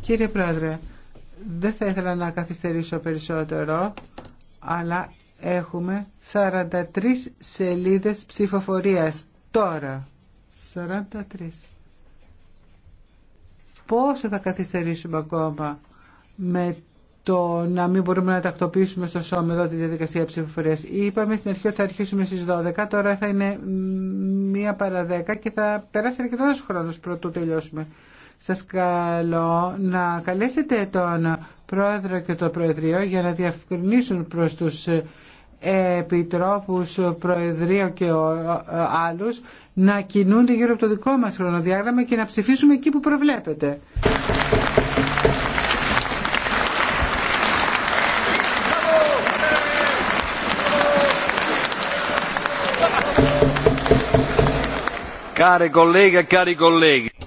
Κύριε Πρόεδρε, δεν θα ήθελα να καθυστερήσω περισσότερο, αλλά έχουμε 43 σελίδες ψηφοφορίας τώρα. 43 πόσο θα καθυστερήσουμε ακόμα με το να μην μπορούμε να τακτοποιήσουμε στο σώμα εδώ τη διαδικασία ψηφοφορία. Είπαμε στην αρχή ότι θα αρχίσουμε στι 12, τώρα θα είναι μία παρα 10 και θα περάσει αρκετό χρόνο πρωτού τελειώσουμε. Σα καλώ να καλέσετε τον Πρόεδρο και το Προεδρείο για να διευκρινίσουν προ του επιτρόπους, Προεδρείο και άλλου να κινούνται γύρω από το δικό μας χρονοδιάγραμμα και να ψηφίσουμε εκεί που προβλέπετε.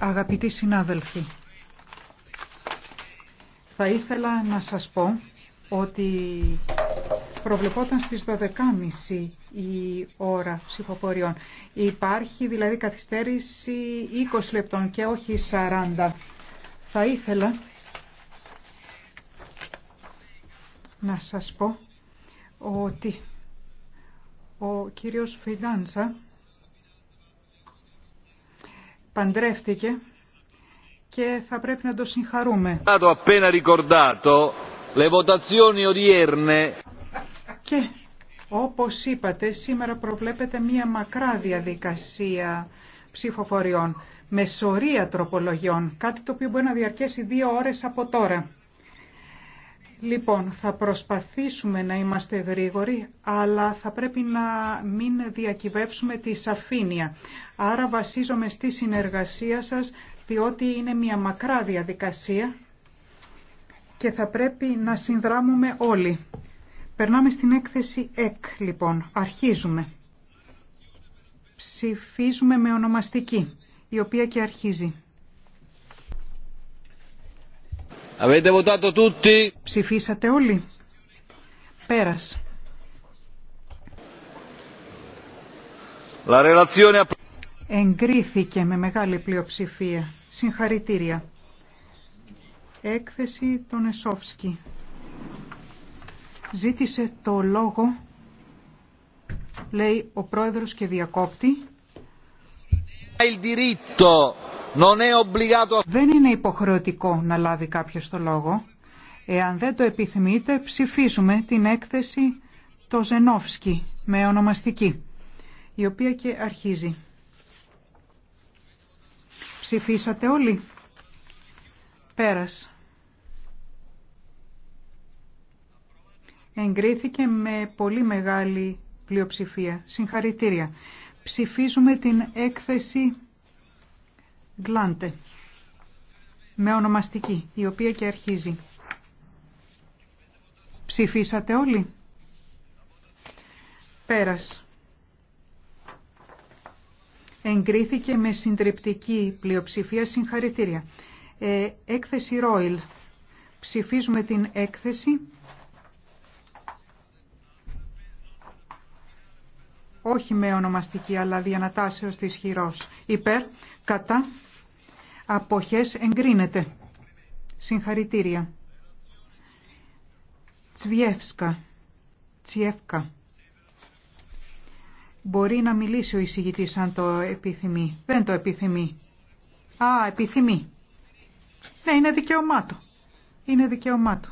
Αγαπητοί συνάδελφοι, θα ήθελα να σας πω ότι προβλεπόταν στις 12.30 η ώρα ψηφοφοριών. Υπάρχει δηλαδή καθυστέρηση 20 λεπτών και όχι 40. Θα ήθελα να σας πω ότι ο κύριος Φιντάντσα παντρεύτηκε και θα πρέπει να το συγχαρούμε. Και όπως είπατε, σήμερα προβλέπεται μία μακρά διαδικασία ψηφοφοριών με σωρία τροπολογιών, κάτι το οποίο μπορεί να διαρκέσει δύο ώρες από τώρα. Λοιπόν, θα προσπαθήσουμε να είμαστε γρήγοροι, αλλά θα πρέπει να μην διακυβεύσουμε τη σαφήνεια. Άρα βασίζομαι στη συνεργασία σας, διότι είναι μια μακρά διαδικασία και θα πρέπει να συνδράμουμε όλοι. Περνάμε στην έκθεση ΕΚ, λοιπόν. Αρχίζουμε. Ψηφίζουμε με ονομαστική, η οποία και αρχίζει. Ψηφίσατε όλοι. Πέρας. La relazione... Εγκρίθηκε με μεγάλη πλειοψηφία. Συγχαρητήρια. Έκθεση των Εσόφσκι ζήτησε το λόγο, λέει ο πρόεδρος και διακόπτη. Δεν είναι υποχρεωτικό να λάβει κάποιος το λόγο. Εάν δεν το επιθυμείτε, ψηφίζουμε την έκθεση το Ζενόφσκι με ονομαστική, η οποία και αρχίζει. Ψηφίσατε όλοι. Πέρας. εγκρίθηκε με πολύ μεγάλη πλειοψηφία. Συγχαρητήρια. Ψηφίζουμε την έκθεση Γκλάντε με ονομαστική, η οποία και αρχίζει. Ψηφίσατε όλοι. Πέρας. Εγκρίθηκε με συντριπτική πλειοψηφία συγχαρητήρια. Ε, έκθεση Ρόιλ. Ψηφίζουμε την έκθεση όχι με ονομαστική αλλά διανατάσεως της χειρός. Υπέρ, κατά, αποχές εγκρίνεται. Συγχαρητήρια. Τσβιεύσκα. Τσιεύκα. Μπορεί να μιλήσει ο εισηγητής αν το επιθυμεί. Δεν το επιθυμεί. Α, επιθυμεί. Ναι, είναι δικαιωμάτο. Είναι δικαιωμάτο.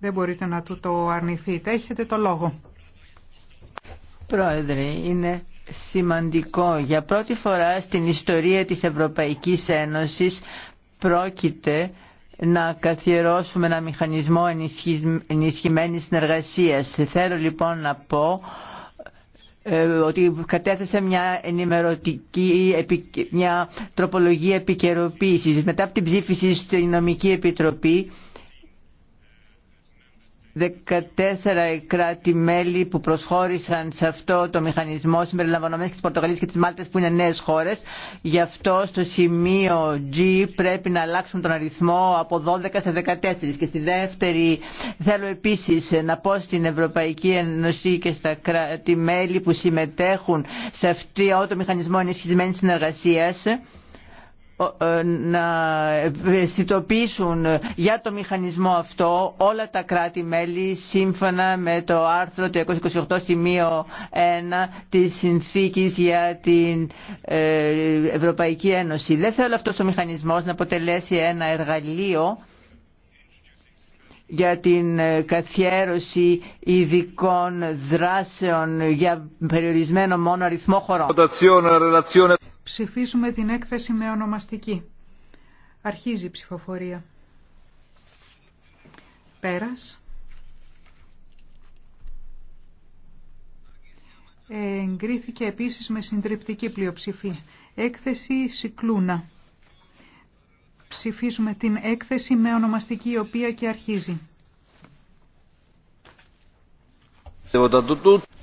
Δεν μπορείτε να του το αρνηθείτε. Έχετε το λόγο. Πρόεδρε, είναι σημαντικό. Για πρώτη φορά στην ιστορία της Ευρωπαϊκής Ένωσης πρόκειται να καθιερώσουμε ένα μηχανισμό ενισχυμένης συνεργασίας. Θέλω λοιπόν να πω ε, ότι κατέθεσε μια ενημερωτική, μια τροπολογία επικαιροποίησης. Μετά από την ψήφιση στην Νομική Επιτροπή 14 κράτη-μέλη που προσχώρησαν σε αυτό το μηχανισμό συμπεριλαμβανομένες και της Πορτογαλίας και της Μάλτας που είναι νέες χώρες. Γι' αυτό στο σημείο G πρέπει να αλλάξουμε τον αριθμό από 12 σε 14. Και στη δεύτερη θέλω επίσης να πω στην Ευρωπαϊκή Ένωση και στα κράτη-μέλη που συμμετέχουν σε αυτό το μηχανισμό ενισχυσμένης συνεργασία. Ε, να ευαισθητοποιήσουν για το μηχανισμό αυτό όλα τα κράτη-μέλη σύμφωνα με το άρθρο του 228 σημείο 1 της Συνθήκης για την ε, Ευρωπαϊκή Ένωση. Δεν θέλω αυτός ο μηχανισμός να αποτελέσει ένα εργαλείο για την ε, καθιέρωση ειδικών δράσεων για περιορισμένο μόνο αριθμό χωρών. Ψηφίζουμε την έκθεση με ονομαστική. Αρχίζει η ψηφοφορία. Πέρας. Εγκρίθηκε επίσης με συντριπτική πλειοψηφία. Έκθεση Σικλούνα ψηφίζουμε την έκθεση με ονομαστική η οποία και αρχίζει.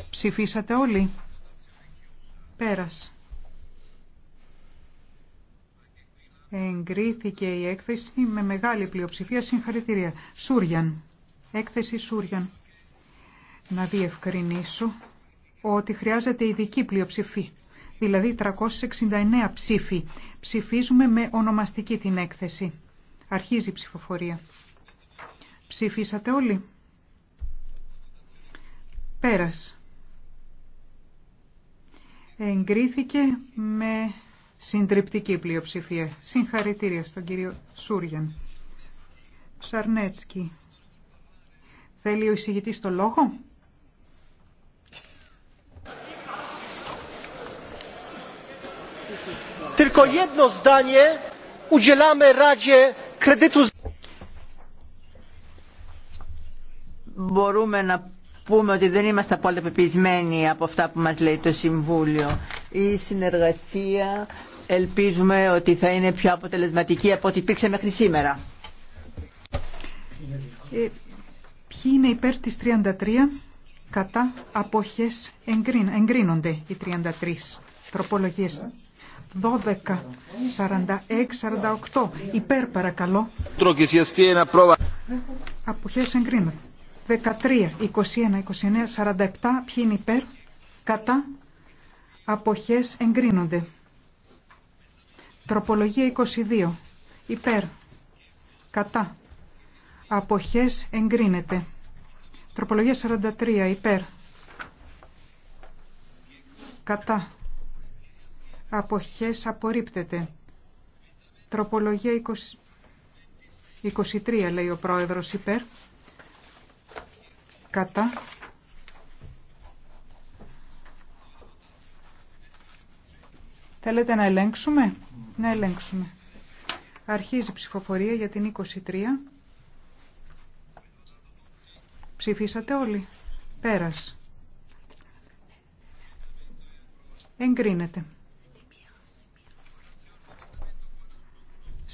Ψηφίσατε όλοι. Πέρας. Εγκρίθηκε η έκθεση με μεγάλη πλειοψηφία. Συγχαρητήρια. Σούριαν. Έκθεση Σούριαν. Να διευκρινίσω ότι χρειάζεται ειδική πλειοψηφία. Δηλαδή 369 ψήφοι Ψηφίζουμε με ονομαστική την έκθεση. Αρχίζει η ψηφοφορία. Ψηφίσατε όλοι. Πέρας. Εγκρίθηκε με συντριπτική πλειοψηφία. Συγχαρητήρια στον κύριο Σούριαν. Σαρνέτσκι. Θέλει ο εισηγητής το λόγο. Μπορούμε να πούμε ότι δεν είμαστε απόλυτα πεπισμένοι από αυτά που μας λέει το Συμβούλιο. Η συνεργασία ελπίζουμε ότι θα είναι πιο αποτελεσματική από ό,τι υπήρξε μέχρι σήμερα. Ε, ποιοι είναι υπέρ της 33 κατά αποχές εγκρίνονται οι 33 τροπολογίες. 12, 46, 48. Υπέρ παρακαλώ. Αποχές εγκρίνονται. 13, 21, 29, 47. Ποιοι είναι υπέρ. Κατά. Αποχές εγκρίνονται. Τροπολογία 22. Υπέρ. Κατά. Αποχές εγκρίνεται. Τροπολογία 43. Υπέρ. Κατά αποχές απορρίπτεται. Τροπολογία 20... 23 λέει ο πρόεδρος υπέρ. Κατά. Θέλετε να ελέγξουμε. Να ελέγξουμε. Αρχίζει η ψηφοφορία για την 23. Ψηφίσατε όλοι. Πέρας. Εγκρίνεται.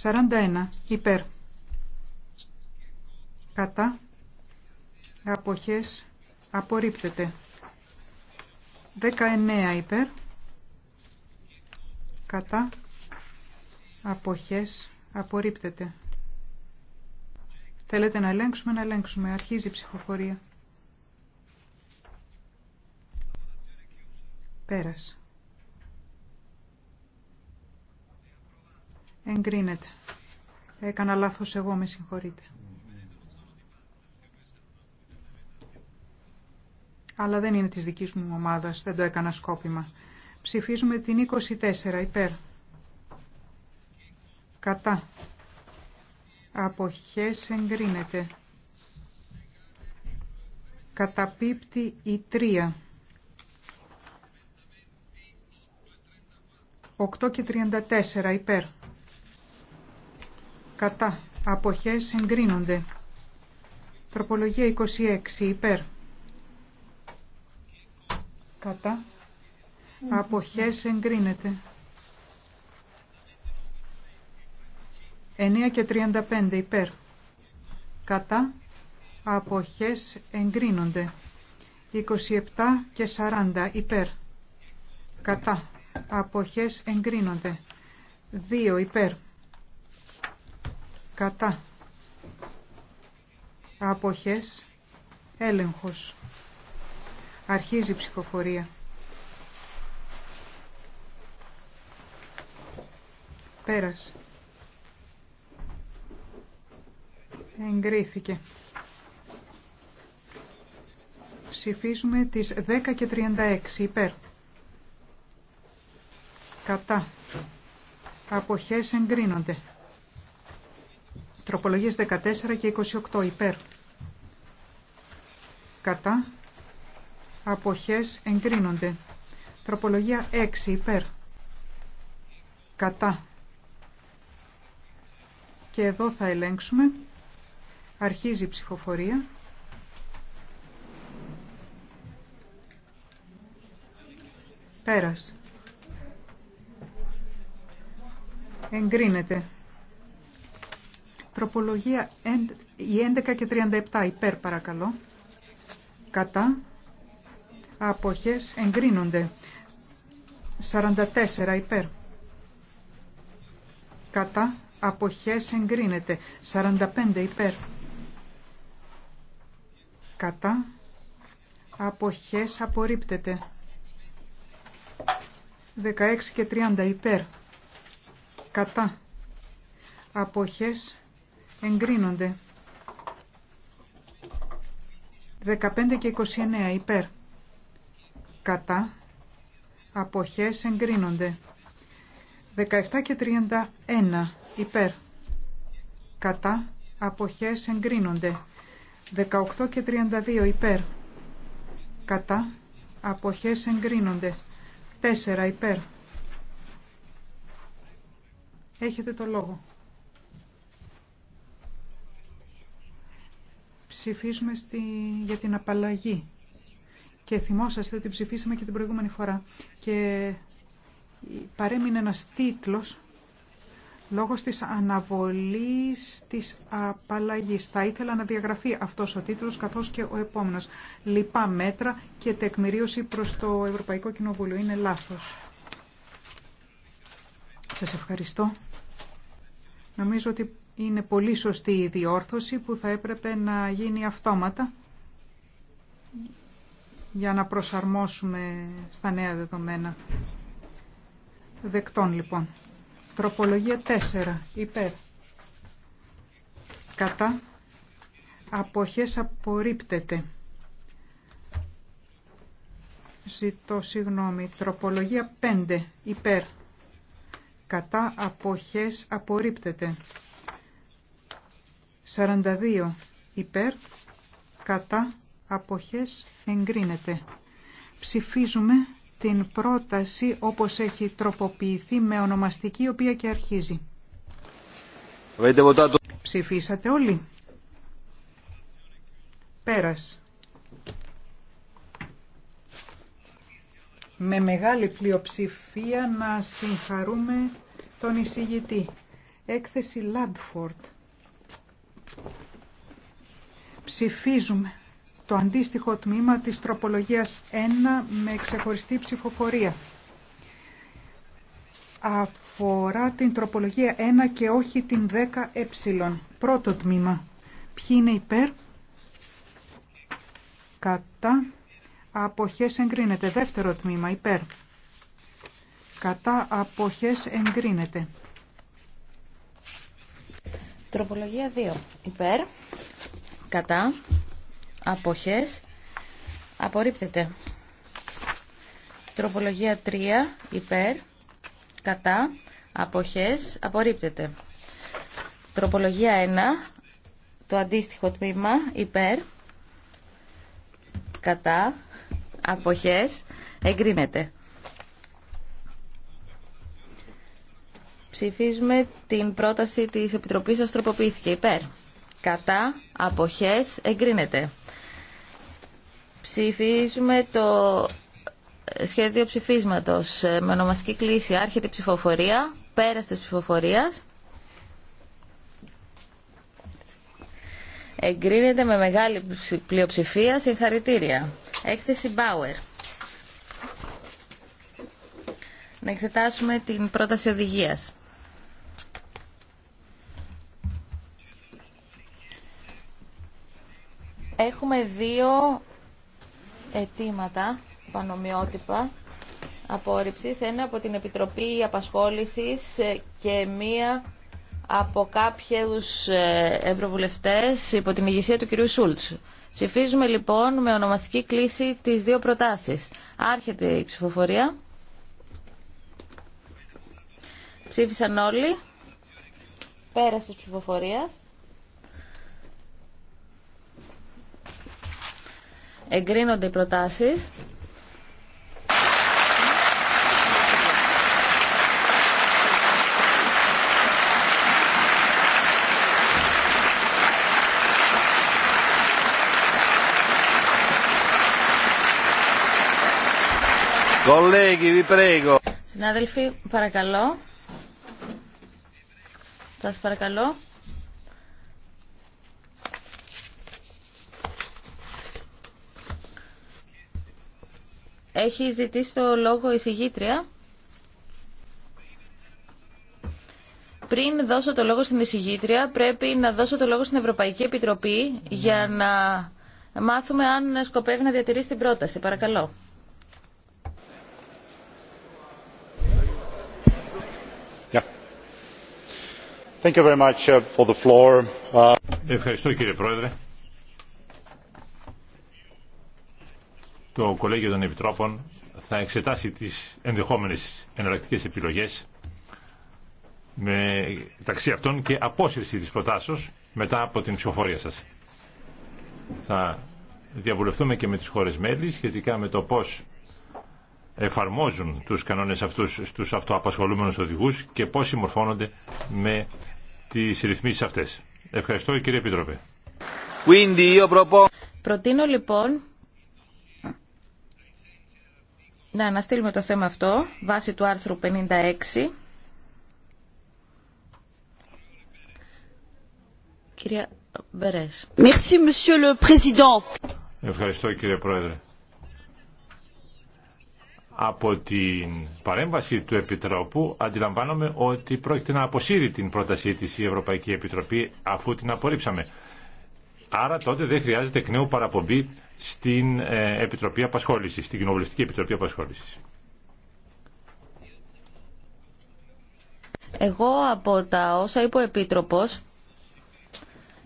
41 υπέρ κατά αποχές απορρίπτεται 19 υπέρ κατά αποχές απορρίπτεται θέλετε να ελέγξουμε να ελέγξουμε αρχίζει η ψηφοφορία Πέρασε. Εγκρίνεται. Έκανα λάθος εγώ, με συγχωρείτε. Αλλά δεν είναι της δικής μου ομάδας, δεν το έκανα σκόπιμα. Ψηφίζουμε την 24, υπέρ. Κατά. Αποχές εγκρίνεται. Καταπίπτει η 3. 8 και 34 υπέρ κατά, αποχές εγκρίνονται. Τροπολογία 26 υπέρ, κατά, αποχές εγκρίνεται. 9 και 35 υπέρ, κατά, αποχές εγκρίνονται. 27 και 40 υπέρ, κατά, αποχές εγκρίνονται. 2 υπέρ, κατά αποχές έλεγχος αρχίζει η ψυχοφορία πέρας εγκρίθηκε ψηφίζουμε τις 10 και 36 υπέρ κατά αποχές εγκρίνονται Τροπολογίες 14 και 28 υπέρ. Κατά. Αποχές εγκρίνονται. Τροπολογία 6 υπέρ. Κατά. Και εδώ θα ελέγξουμε. Αρχίζει η ψηφοφορία. Πέρας. Εγκρίνεται. Τροπολογία 11 και 37 υπέρ παρακαλώ. Κατά. Αποχές εγκρίνονται. 44 υπέρ. Κατά. Αποχές εγκρίνεται. 45 υπέρ. Κατά. Αποχές απορρίπτεται. 16 και 30 υπέρ. Κατά. Αποχές εγκρίνονται. 15 και 29 υπέρ. Κατά. Αποχές εγκρίνονται. 17 και 31 υπέρ. Κατά. Αποχές εγκρίνονται. 18 και 32 υπέρ. Κατά. Αποχές εγκρίνονται. 4 υπέρ. Έχετε το λόγο. ψηφίσουμε στη... για την απαλλαγή. Και θυμόσαστε ότι ψηφίσαμε και την προηγούμενη φορά. Και παρέμεινε ένας τίτλος λόγω της αναβολής της απαλλαγής. Θα ήθελα να διαγραφεί αυτός ο τίτλος καθώς και ο επόμενος. Λοιπά μέτρα και τεκμηρίωση προς το Ευρωπαϊκό Κοινοβούλιο. Είναι λάθος. Σας ευχαριστώ. Νομίζω ότι είναι πολύ σωστή η διόρθωση που θα έπρεπε να γίνει αυτόματα για να προσαρμόσουμε στα νέα δεδομένα. Δεκτών λοιπόν. Τροπολογία 4. Υπέρ. Κατά. Αποχές απορρίπτεται. Ζητώ συγγνώμη. Τροπολογία 5. Υπέρ. Κατά. Αποχές απορρίπτεται. 42 υπέρ, κατά, αποχές, εγκρίνεται. Ψηφίζουμε την πρόταση όπως έχει τροποποιηθεί με ονομαστική, η οποία και αρχίζει. Ψηφίσατε όλοι. Πέρας. Με μεγάλη πλειοψηφία να συγχαρούμε τον εισηγητή. Έκθεση Λάντφορτ. Ψηφίζουμε το αντίστοιχο τμήμα της τροπολογίας 1 με ξεχωριστή ψηφοφορία. Αφορά την τροπολογία 1 και όχι την 10ε. Πρώτο τμήμα. Ποιοι είναι υπέρ. Κατά. Αποχές εγκρίνεται. Δεύτερο τμήμα. Υπέρ. Κατά. Αποχές εγκρίνεται. Τροπολογία 2. Υπέρ, κατά, αποχές, απορρίπτεται. Τροπολογία 3. Υπέρ, κατά, αποχές, απορρίπτεται. Τροπολογία 1. Το αντίστοιχο τμήμα, υπέρ, κατά, αποχές, εγκρίνεται. Ψηφίζουμε την πρόταση της Επιτροπής Αστροποποιήθηκε τροποποιήθηκε υπέρ. Κατά, αποχές, εγκρίνεται. Ψηφίζουμε το ε, σχέδιο ψηφίσματος ε, με ονομαστική κλίση άρχεται ψηφοφορία, πέρας της ψηφοφορίας. Εγκρίνεται με μεγάλη πλειοψηφία συγχαρητήρια. Έκθεση Bauer. Να εξετάσουμε την πρόταση οδηγίας. Έχουμε δύο αιτήματα πανομοιότυπα απόρριψης, ένα από την Επιτροπή Απασχόλησης και μία από κάποιους ε, ευρωβουλευτές υπό την ηγεσία του κυρίου Σούλτς. Ψηφίζουμε λοιπόν με ονομαστική κλίση τις δύο προτάσεις. Άρχεται η ψηφοφορία. Ψήφισαν όλοι. Πέρασε της ψηφοφορίας. Εγκρίνονται οι προτάσεις. Συνάδελφοι, παρακαλώ. Σας παρακαλώ. Έχει ζητήσει το λόγο η συγγήτρια. Πριν δώσω το λόγο στην εισηγήτρια, πρέπει να δώσω το λόγο στην Ευρωπαϊκή Επιτροπή για να μάθουμε αν σκοπεύει να διατηρήσει την πρόταση. Παρακαλώ. Ευχαριστώ κύριε Πρόεδρε. το Κολέγιο των Επιτρόπων θα εξετάσει τις ενδεχόμενες εναλλακτικές επιλογές με ταξί αυτών και απόσυρση της προτάσεως μετά από την ψηφοφορία σας. Θα διαβουλευτούμε και με τις χώρες μέλη σχετικά με το πώς εφαρμόζουν τους κανόνες αυτούς στους αυτοαπασχολούμενους οδηγούς και πώς συμμορφώνονται με τις ρυθμίσεις αυτές. Ευχαριστώ κύριε Επίτροπε. Προτείνω λοιπόν να αναστείλουμε το θέμα αυτό βάσει του άρθρου 56. Κυρία Μπερές. Ευχαριστώ κύριε Πρόεδρε. Από την παρέμβαση του Επιτροπού αντιλαμβάνομαι ότι πρόκειται να αποσύρει την πρότασή της η Ευρωπαϊκή Επιτροπή αφού την απορρίψαμε. Άρα τότε δεν χρειάζεται εκ νέου παραπομπή στην ε, Επιτροπή απασχόληση, στην Κοινοβουλευτική Επιτροπή Απασχόληση. Εγώ από τα όσα είπε ο Επίτροπος,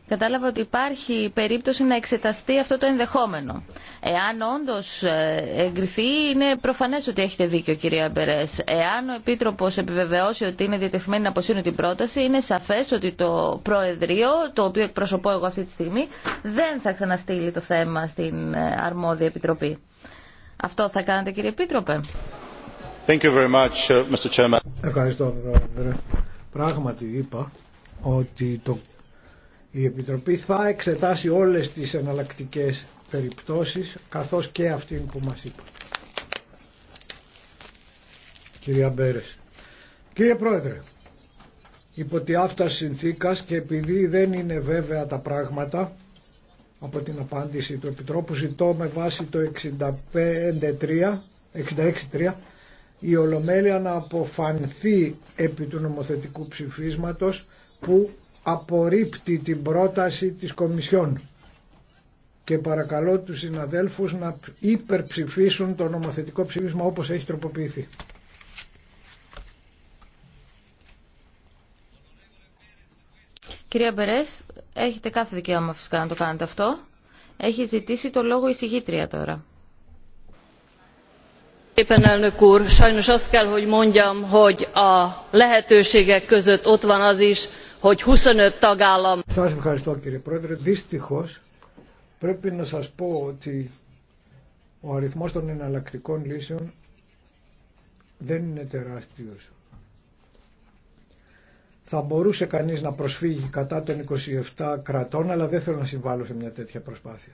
κατάλαβα ότι υπάρχει περίπτωση να εξεταστεί αυτό το ενδεχόμενο. Εάν όντω ε, εγκριθεί, είναι προφανέ ότι έχετε δίκιο, κυρία Μπερέ. Εάν ο Επίτροπο επιβεβαιώσει ότι είναι διατεθειμένη να αποσύρει την πρόταση, είναι σαφέ ότι το Προεδρείο, το οποίο εκπροσωπώ εγώ αυτή τη στιγμή, δεν θα ξαναστείλει το θέμα στην ε, αρμόδια Επιτροπή. Αυτό θα κάνετε, κύριε Επίτροπε. Thank you very much, uh, Mr. Ευχαριστώ, Πρόεδρε. Πράγματι είπα ότι το η Επιτροπή θα εξετάσει όλες τις εναλλακτικέ περιπτώσεις, καθώς και αυτήν που μας είπα. Κυρία Μπέρες. Κύριε Πρόεδρε, υπό τη αυτά συνθήκας και επειδή δεν είναι βέβαια τα πράγματα, από την απάντηση του Επιτρόπου ζητώ με βάση το 65.3 66.3 η Ολομέλεια να αποφανθεί επί του νομοθετικού ψηφίσματος που απορρίπτει την πρόταση της Κομισιόν και παρακαλώ τους συναδέλφους να υπερψηφίσουν το νομοθετικό ψήφισμα όπως έχει τροποποιηθεί. Κυρία Μπερές, έχετε κάθε δικαίωμα φυσικά να το κάνετε αυτό. Έχει ζητήσει το λόγο η συγγήτρια τώρα. elnök úr, sajnos azt kell, hogy mondjam, hogy a hogy Σας ευχαριστώ κύριε Πρόεδρε. Δυστυχώς πρέπει να σας πω ότι ο αριθμός των εναλλακτικών λύσεων δεν είναι τεράστιος. Θα μπορούσε κανείς να προσφύγει κατά των 27 κρατών, αλλά δεν θέλω να συμβάλλω σε μια τέτοια προσπάθεια.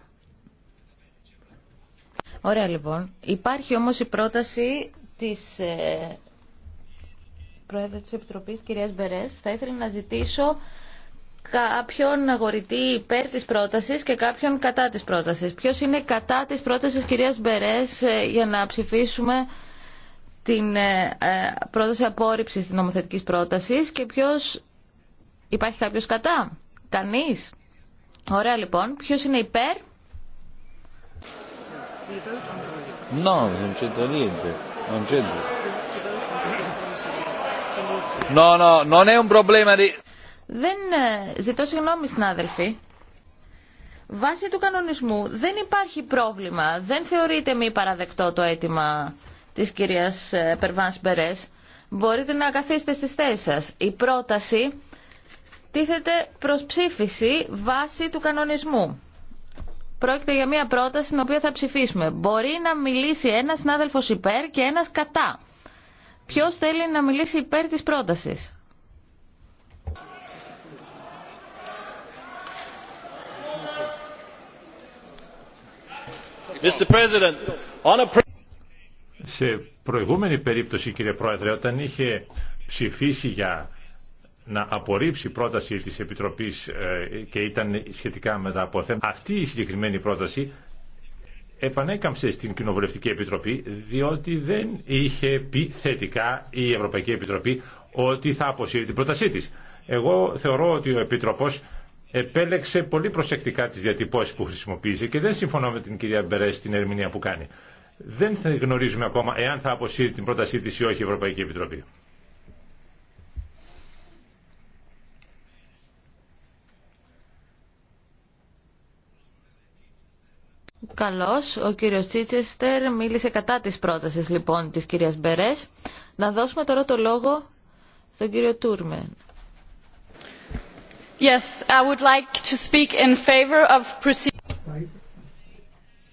Ωραία λοιπόν. Υπάρχει όμως η πρόταση της ε, Πρόεδρε τη Επιτροπή κυρία Μπερέ, θα ήθελα να ζητήσω κάποιον αγορητή υπέρ τη πρόταση και κάποιον κατά της πρόταση. Ποιο είναι κατά τη πρόταση κυρία Μπερέ, ε, για να ψηφίσουμε την ε, ε, πρόταση απόρριψη τη νομοθετικής πρόταση και ποιο Υπάρχει κάποιος κατά? Κανεί. Ωραία λοιπόν. Ποιο είναι υπέρ? non c'entra niente. Non No, no, non è un problema di... Δεν ε, ζητώ συγγνώμη συνάδελφοι. Βάσει του κανονισμού δεν υπάρχει πρόβλημα. Δεν θεωρείται μη παραδεκτό το αίτημα της κυρίας ε, Περβάνς Μπερές. Μπορείτε να καθίσετε στις θέσεις σας. Η πρόταση τίθεται προς ψήφιση βάσει του κανονισμού. Πρόκειται για μια πρόταση την οποία θα ψηφίσουμε. Μπορεί να μιλήσει ένας συνάδελφος υπέρ και ένας κατά. Ποιο θέλει να μιλήσει υπέρ της πρότασης. Σε προηγούμενη περίπτωση, κύριε Πρόεδρε, όταν είχε ψηφίσει για να απορρίψει πρόταση της Επιτροπής ε, και ήταν σχετικά με τα αποθέματα, αυτή η συγκεκριμένη πρόταση επανέκαμψε στην Κοινοβουλευτική Επιτροπή διότι δεν είχε πει θετικά η Ευρωπαϊκή Επιτροπή ότι θα αποσύρει την πρότασή της. Εγώ θεωρώ ότι ο Επίτροπος επέλεξε πολύ προσεκτικά τις διατυπώσεις που χρησιμοποίησε και δεν συμφωνώ με την κυρία Μπερέ στην ερμηνεία που κάνει. Δεν θα γνωρίζουμε ακόμα εάν θα αποσύρει την πρότασή της ή όχι η Ευρωπαϊκή Επιτροπή. Καλώς. Ο κύριος Τσίτσεστερ μίλησε κατά της πρότασης λοιπόν της κυρίας Μπερές. Να δώσουμε τώρα το λόγο στον κύριο Τούρμεν. Yes, I would like to speak in favor of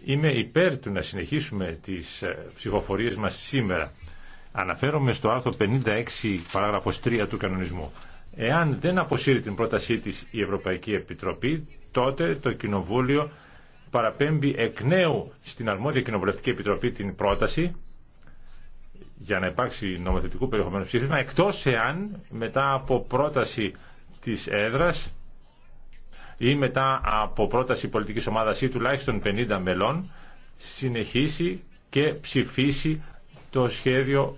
Είμαι υπέρ του να συνεχίσουμε τις ε, ψηφοφορίες μας σήμερα. Αναφέρομαι στο άρθρο 56 παράγραφος 3 του κανονισμού. Εάν δεν αποσύρει την πρότασή της η Ευρωπαϊκή Επιτροπή, τότε το Κοινοβούλιο παραπέμπει εκ νέου στην αρμόδια κοινοβουλευτική επιτροπή την πρόταση για να υπάρξει νομοθετικού περιεχομένου ψήφισμα, εκτός εάν μετά από πρόταση της έδρας ή μετά από πρόταση πολιτικής ομάδας ή τουλάχιστον 50 μελών συνεχίσει και ψηφίσει το σχέδιο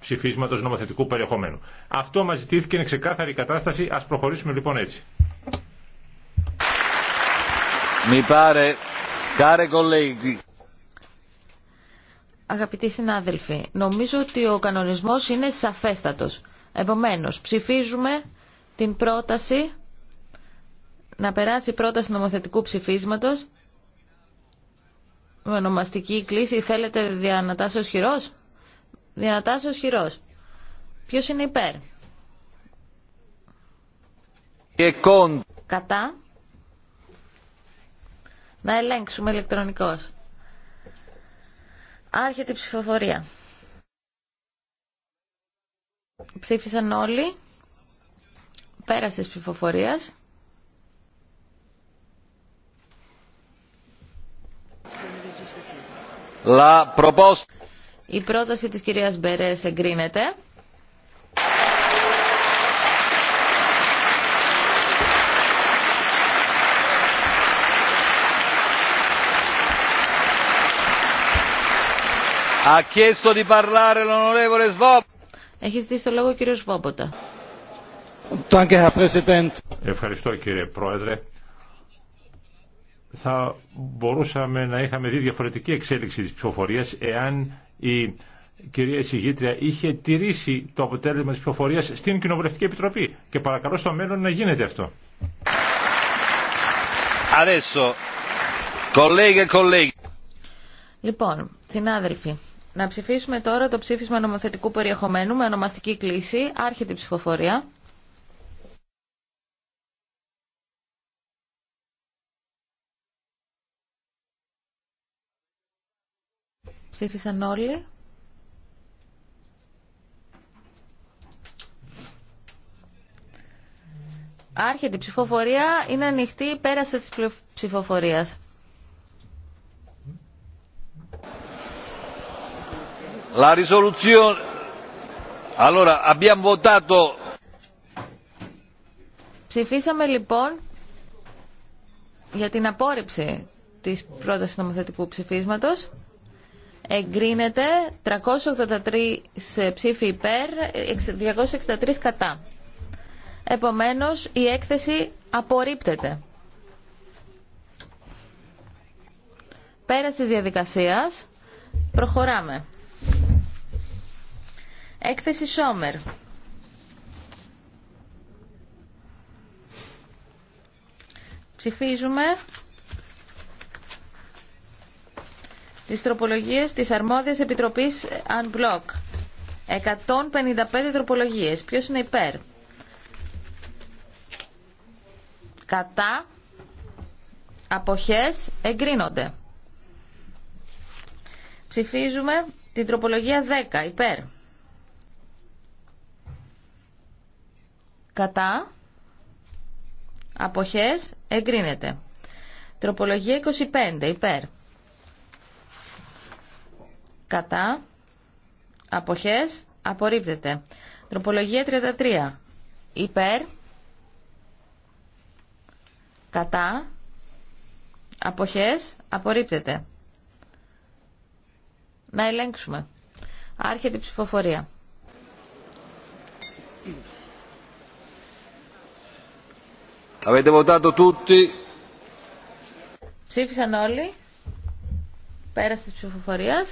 ψηφίσματος νομοθετικού περιεχομένου. Αυτό μας ζητήθηκε, είναι ξεκάθαρη η μετα απο προταση πολιτικης ομαδας η τουλαχιστον 50 μελων συνεχισει και ψηφισει το σχεδιο ψηφισματος νομοθετικου περιεχομενου αυτο μας ζητηθηκε ειναι ξεκαθαρη κατασταση ας προχωρήσουμε λοιπόν έτσι. Αγαπητοί συνάδελφοι, νομίζω ότι ο κανονισμός είναι σαφέστατος. Επομένως, ψηφίζουμε την πρόταση να περάσει η πρόταση νομοθετικού ψηφίσματος με ονομαστική κλίση. Θέλετε διανατάσσεως χειρός? Διανατάσσεως χειρός. Ποιος είναι υπέρ? Κατά. Να ελέγξουμε ηλεκτρονικώς. Άρχεται η ψηφοφορία. Ψήφισαν όλοι. Πέρασε της ψηφοφορίας. Η πρόταση της κυρίας Μπερές εγκρίνεται. Έχει ζητήσει το λόγο ο κύριος Βόμποτα. Ευχαριστώ κύριε Πρόεδρε. Θα μπορούσαμε να είχαμε δει διαφορετική εξέλιξη της ψηφοφορίας εάν η κυρία Συγήτρια είχε τηρήσει το αποτέλεσμα της ψηφοφορίας στην Κοινοβουλευτική Επιτροπή και παρακαλώ στο μέλλον να γίνεται αυτό. E λοιπόν, συνάδελφοι, να ψηφίσουμε τώρα το ψήφισμα νομοθετικού περιεχομένου με ονομαστική κλίση. Άρχεται η ψηφοφορία. Ψήφισαν όλοι. Άρχεται η ψηφοφορία. Είναι ανοιχτή πέρασε της ψηφοφορίας. La risoluzione. Allora, abbiamo votato. Ψηφίσαμε λοιπόν για την απόρριψη της πρότασης νομοθετικού ψηφίσματος. Εγκρίνεται 383 ψήφοι υπέρ, 263 κατά. Επομένως, η έκθεση απορρίπτεται. Πέρα της διαδικασίας, προχωράμε. Έκθεση Σόμερ. Ψηφίζουμε τις τροπολογίες της αρμόδιας επιτροπής Unblock. 155 τροπολογίες. Ποιος είναι υπέρ. Κατά. Αποχές εγκρίνονται. Ψηφίζουμε την τροπολογία 10 υπέρ. Κατά. Αποχές. Εγκρίνεται. Τροπολογία 25. Υπέρ. Κατά. Αποχές. Απορρίπτεται. Τροπολογία 33. Υπέρ. Κατά. Αποχές. Απορρίπτεται. Να ελέγξουμε. Άρχεται η ψηφοφορία. Avete votato tutti? Ψήφισαν όλοι. Πέρασε τη ψηφοφορία.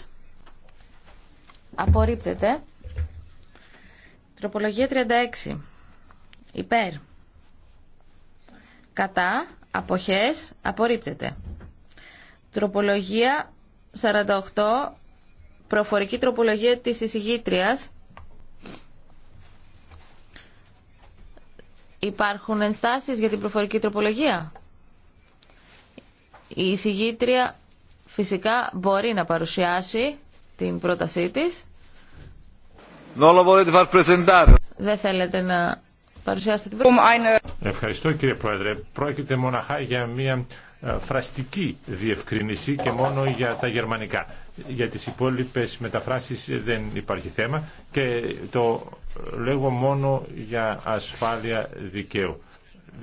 Απορρίπτεται. Τροπολογία 36. Υπέρ. Κατά. Αποχές. Απορρίπτεται. Τροπολογία 48. Προφορική τροπολογία της εισηγήτριας. Υπάρχουν ενστάσεις για την προφορική τροπολογία. Η εισηγήτρια φυσικά μπορεί να παρουσιάσει την πρότασή της. Δεν θέλετε να παρουσιάσετε την πρόταση. Ευχαριστώ κύριε Πρόεδρε. Πρόκειται μοναχά για μια ε, φραστική διευκρίνηση και μόνο για τα γερμανικά. Για τις υπόλοιπες μεταφράσεις δεν υπάρχει θέμα και το λέγω μόνο για ασφάλεια δικαίου.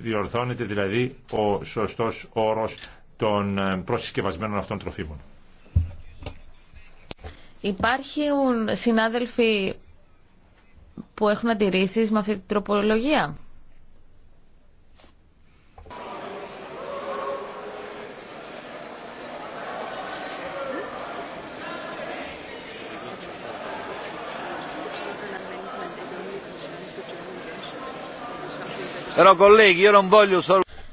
Διορθώνεται δηλαδή ο σωστός όρος των προσυσκευασμένων αυτών τροφίμων. Υπάρχουν συνάδελφοι που έχουν αντιρρήσεις με αυτή την τροπολογία.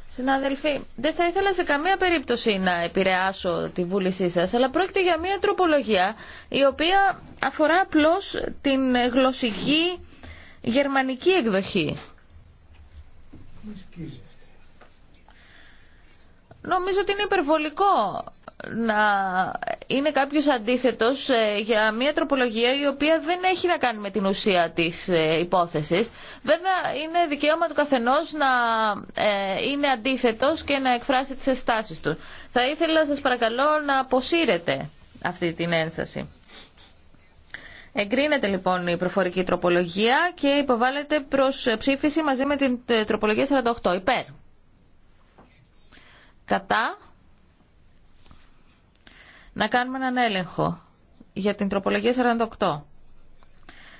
Συναδελφοί, δεν θα ήθελα σε καμία περίπτωση να επηρεάσω τη βούλησή σας, αλλά πρόκειται για μια τροπολογία η οποία αφορά απλώς την γλωσσική γερμανική εκδοχή. Νομίζω ότι είναι υπερβολικό να είναι κάποιος αντίθετος ε, για μια τροπολογία η οποία δεν έχει να κάνει με την ουσία της ε, υπόθεσης. Βέβαια είναι δικαίωμα του καθενός να ε, είναι αντίθετος και να εκφράσει τις αισθάσεις του. Θα ήθελα σας παρακαλώ να αποσύρετε αυτή την ένσταση. Εγκρίνεται λοιπόν η προφορική τροπολογία και υποβάλλεται προς ψήφιση μαζί με την τροπολογία 48. Υπέρ. Κατά να κάνουμε έναν έλεγχο για την τροπολογία 48.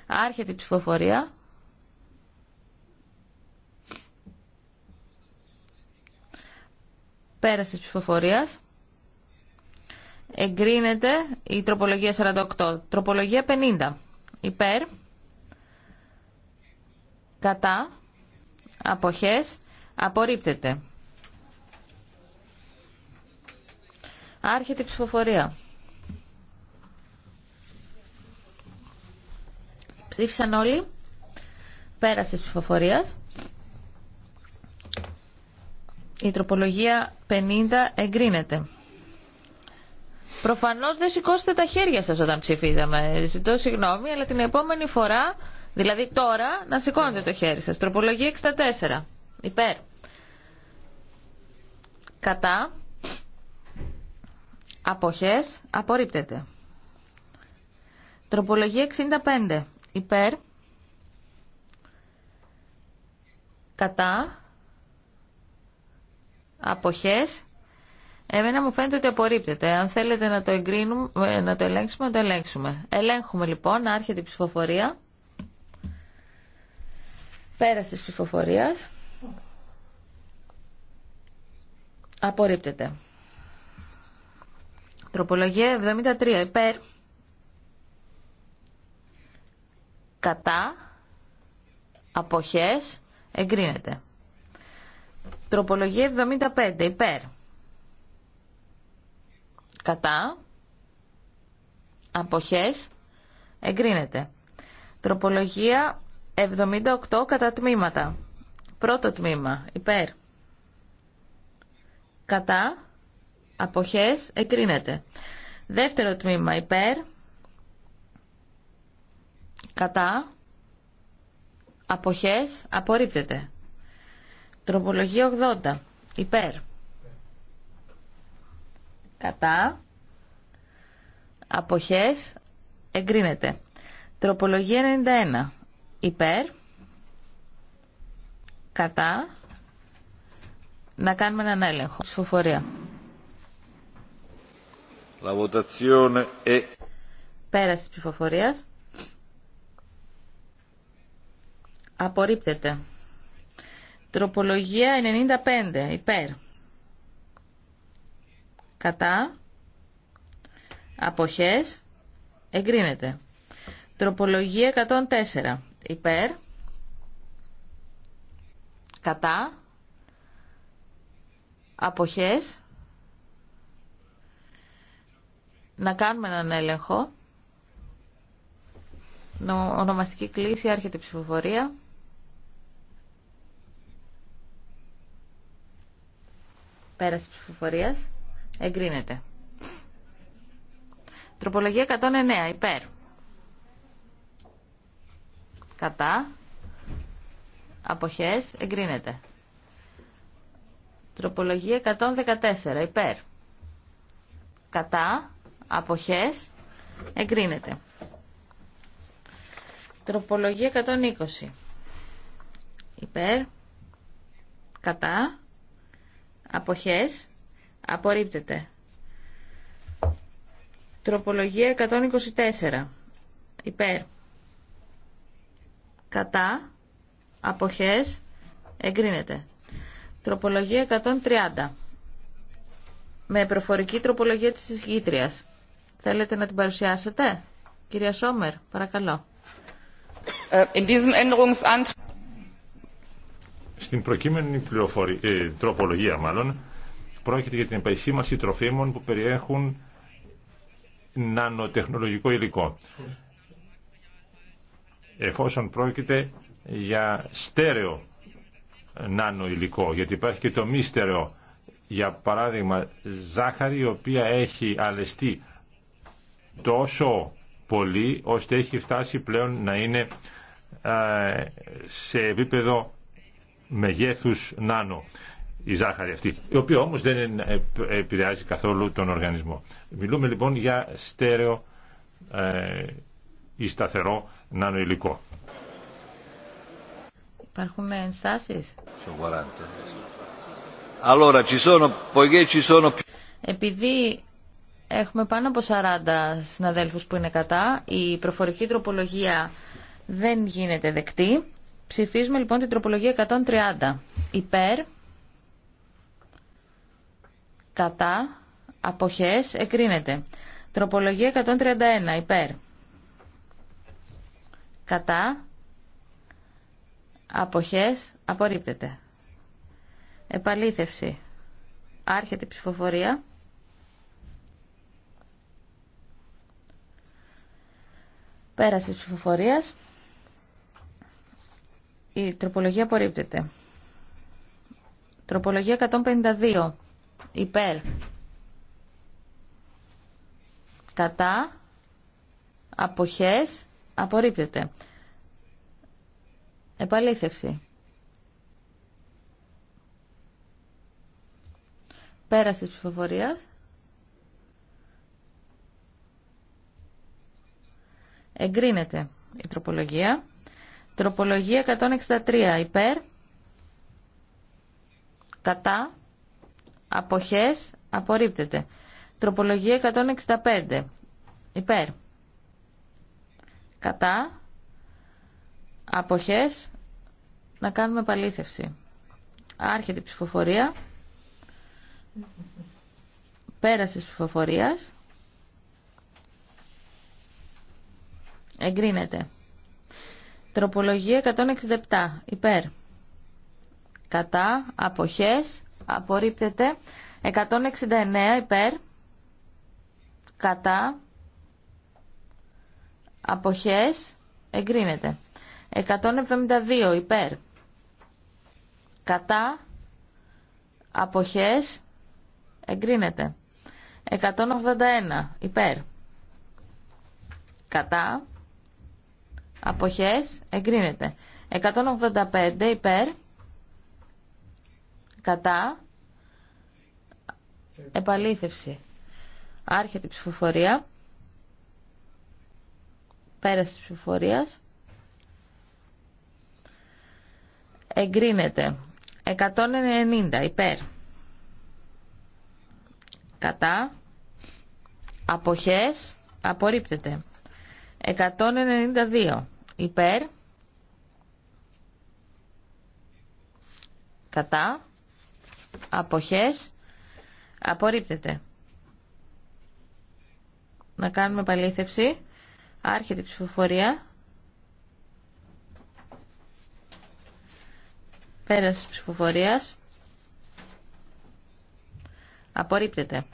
Άρχεται η ψηφοφορία. Πέραση της ψηφοφορίας. Εγκρίνεται η τροπολογία 48. Τροπολογία 50. Υπέρ. Κατά. Αποχές. Απορρίπτεται. Άρχεται η ψηφοφορία. Ψήφισαν όλοι. Πέρασε τη ψηφοφορία. Η τροπολογία 50 εγκρίνεται. Προφανώς δεν σηκώσετε τα χέρια σας όταν ψηφίζαμε. Ζητώ συγγνώμη, αλλά την επόμενη φορά, δηλαδή τώρα, να σηκώνετε το χέρι σας. Τροπολογία 64. Υπέρ. Κατά. Αποχές. Απορρίπτεται. Τροπολογία 65. Υπέρ. Κατά. Αποχές. Εμένα μου φαίνεται ότι απορρίπτεται. Αν θέλετε να το, εγκρίνουμε, ε, να το ελέγξουμε, να το ελέγξουμε. Ελέγχουμε λοιπόν, άρχεται η ψηφοφορία. Πέραση της ψηφοφορίας. Απορρίπτεται. Τροπολογία 73 υπέρ. Κατά. Αποχές. Εγκρίνεται. Τροπολογία 75 υπέρ. Κατά. Αποχές. Εγκρίνεται. Τροπολογία 78 κατά τμήματα. Πρώτο τμήμα υπέρ. Κατά αποχές εγκρίνεται. Δεύτερο τμήμα υπέρ, κατά, αποχές απορρίπτεται. Τροπολογία 80 υπέρ, κατά, αποχές εγκρίνεται. Τροπολογία 91 υπέρ, κατά, να κάνουμε έναν έλεγχο. Σφοφορία. Πέραση της ψηφοφορίας. Απορρίπτεται. Τροπολογία 95. Υπέρ. Κατά. Αποχές. Εγκρίνεται. Τροπολογία 104. Υπέρ. Κατά. Αποχές. να κάνουμε έναν έλεγχο. Ονομαστική κλίση, άρχεται η ψηφοφορία. Πέραση ψηφοφορίας. Εγκρίνεται. Τροπολογία 109. Υπέρ. Κατά. Αποχές. Εγκρίνεται. Τροπολογία 114. Υπέρ. Κατά αποχές εγκρίνεται. Τροπολογία 120. Υπέρ, κατά, αποχές, απορρίπτεται. Τροπολογία 124. Υπέρ, κατά, αποχές, εγκρίνεται. Τροπολογία 130. Με προφορική τροπολογία της εισηγήτριας. Θέλετε να την παρουσιάσετε. Κυρία Σόμερ, παρακαλώ. Ε, Στην προκείμενη ε, τροπολογία μάλλον, πρόκειται για την επαϊσίμαση τροφίμων που περιέχουν νανοτεχνολογικό υλικό. Εφόσον πρόκειται για στέρεο νάνο υλικό, γιατί υπάρχει και το μη στερεό. Για παράδειγμα, ζάχαρη η οποία έχει αλεστεί τόσο πολύ ώστε έχει φτάσει πλέον να είναι σε επίπεδο μεγέθους νάνο η ζάχαρη αυτή, η οποία όμως δεν ε, επηρεάζει καθόλου τον οργανισμό. Μιλούμε λοιπόν για στέρεο ε, ή σταθερό υλικό. Υπάρχουν ενστάσεις. Επειδή Έχουμε πάνω από 40 συναδέλφους που είναι κατά. Η προφορική τροπολογία δεν γίνεται δεκτή. Ψηφίζουμε λοιπόν την τροπολογία 130. Υπέρ, κατά, αποχές, εκρίνεται. Τροπολογία 131. Υπέρ, κατά, αποχές, απορρίπτεται. Επαλήθευση. Άρχεται η ψηφοφορία. Πέραση της ψηφοφορίας. Η τροπολογία απορρίπτεται. Τροπολογία 152. Υπέρ. Κατά. Αποχές. Απορρίπτεται. Επαλήθευση. Πέραση της ψηφοφορίας. Εγκρίνεται η τροπολογία. Τροπολογία 163 υπέρ. Κατά. Αποχές. Απορρίπτεται. Τροπολογία 165 υπέρ. Κατά. Αποχές. Να κάνουμε παλήθευση. Άρχεται η ψηφοφορία. Πέρασης ψηφοφορίας. Εγκρίνεται. Τροπολογία 167. Υπέρ. Κατά. Αποχές. Απορρίπτεται. 169. Υπέρ. Κατά. Αποχές. Εγκρίνεται. 172. Υπέρ. Κατά. Αποχές. Εγκρίνεται. 181. Υπέρ. Κατά. Αποχές εγκρίνεται. 185 υπέρ. Κατά. Επαλήθευση. Άρχεται η ψηφοφορία. Πέραση της ψηφοφορίας. Εγκρίνεται. 190 υπέρ. Κατά. Αποχές απορρίπτεται. 192 υπέρ κατά αποχές απορρίπτεται να κάνουμε παλήθευση άρχεται η ψηφοφορία πέρας της ψηφοφορίας απορρίπτεται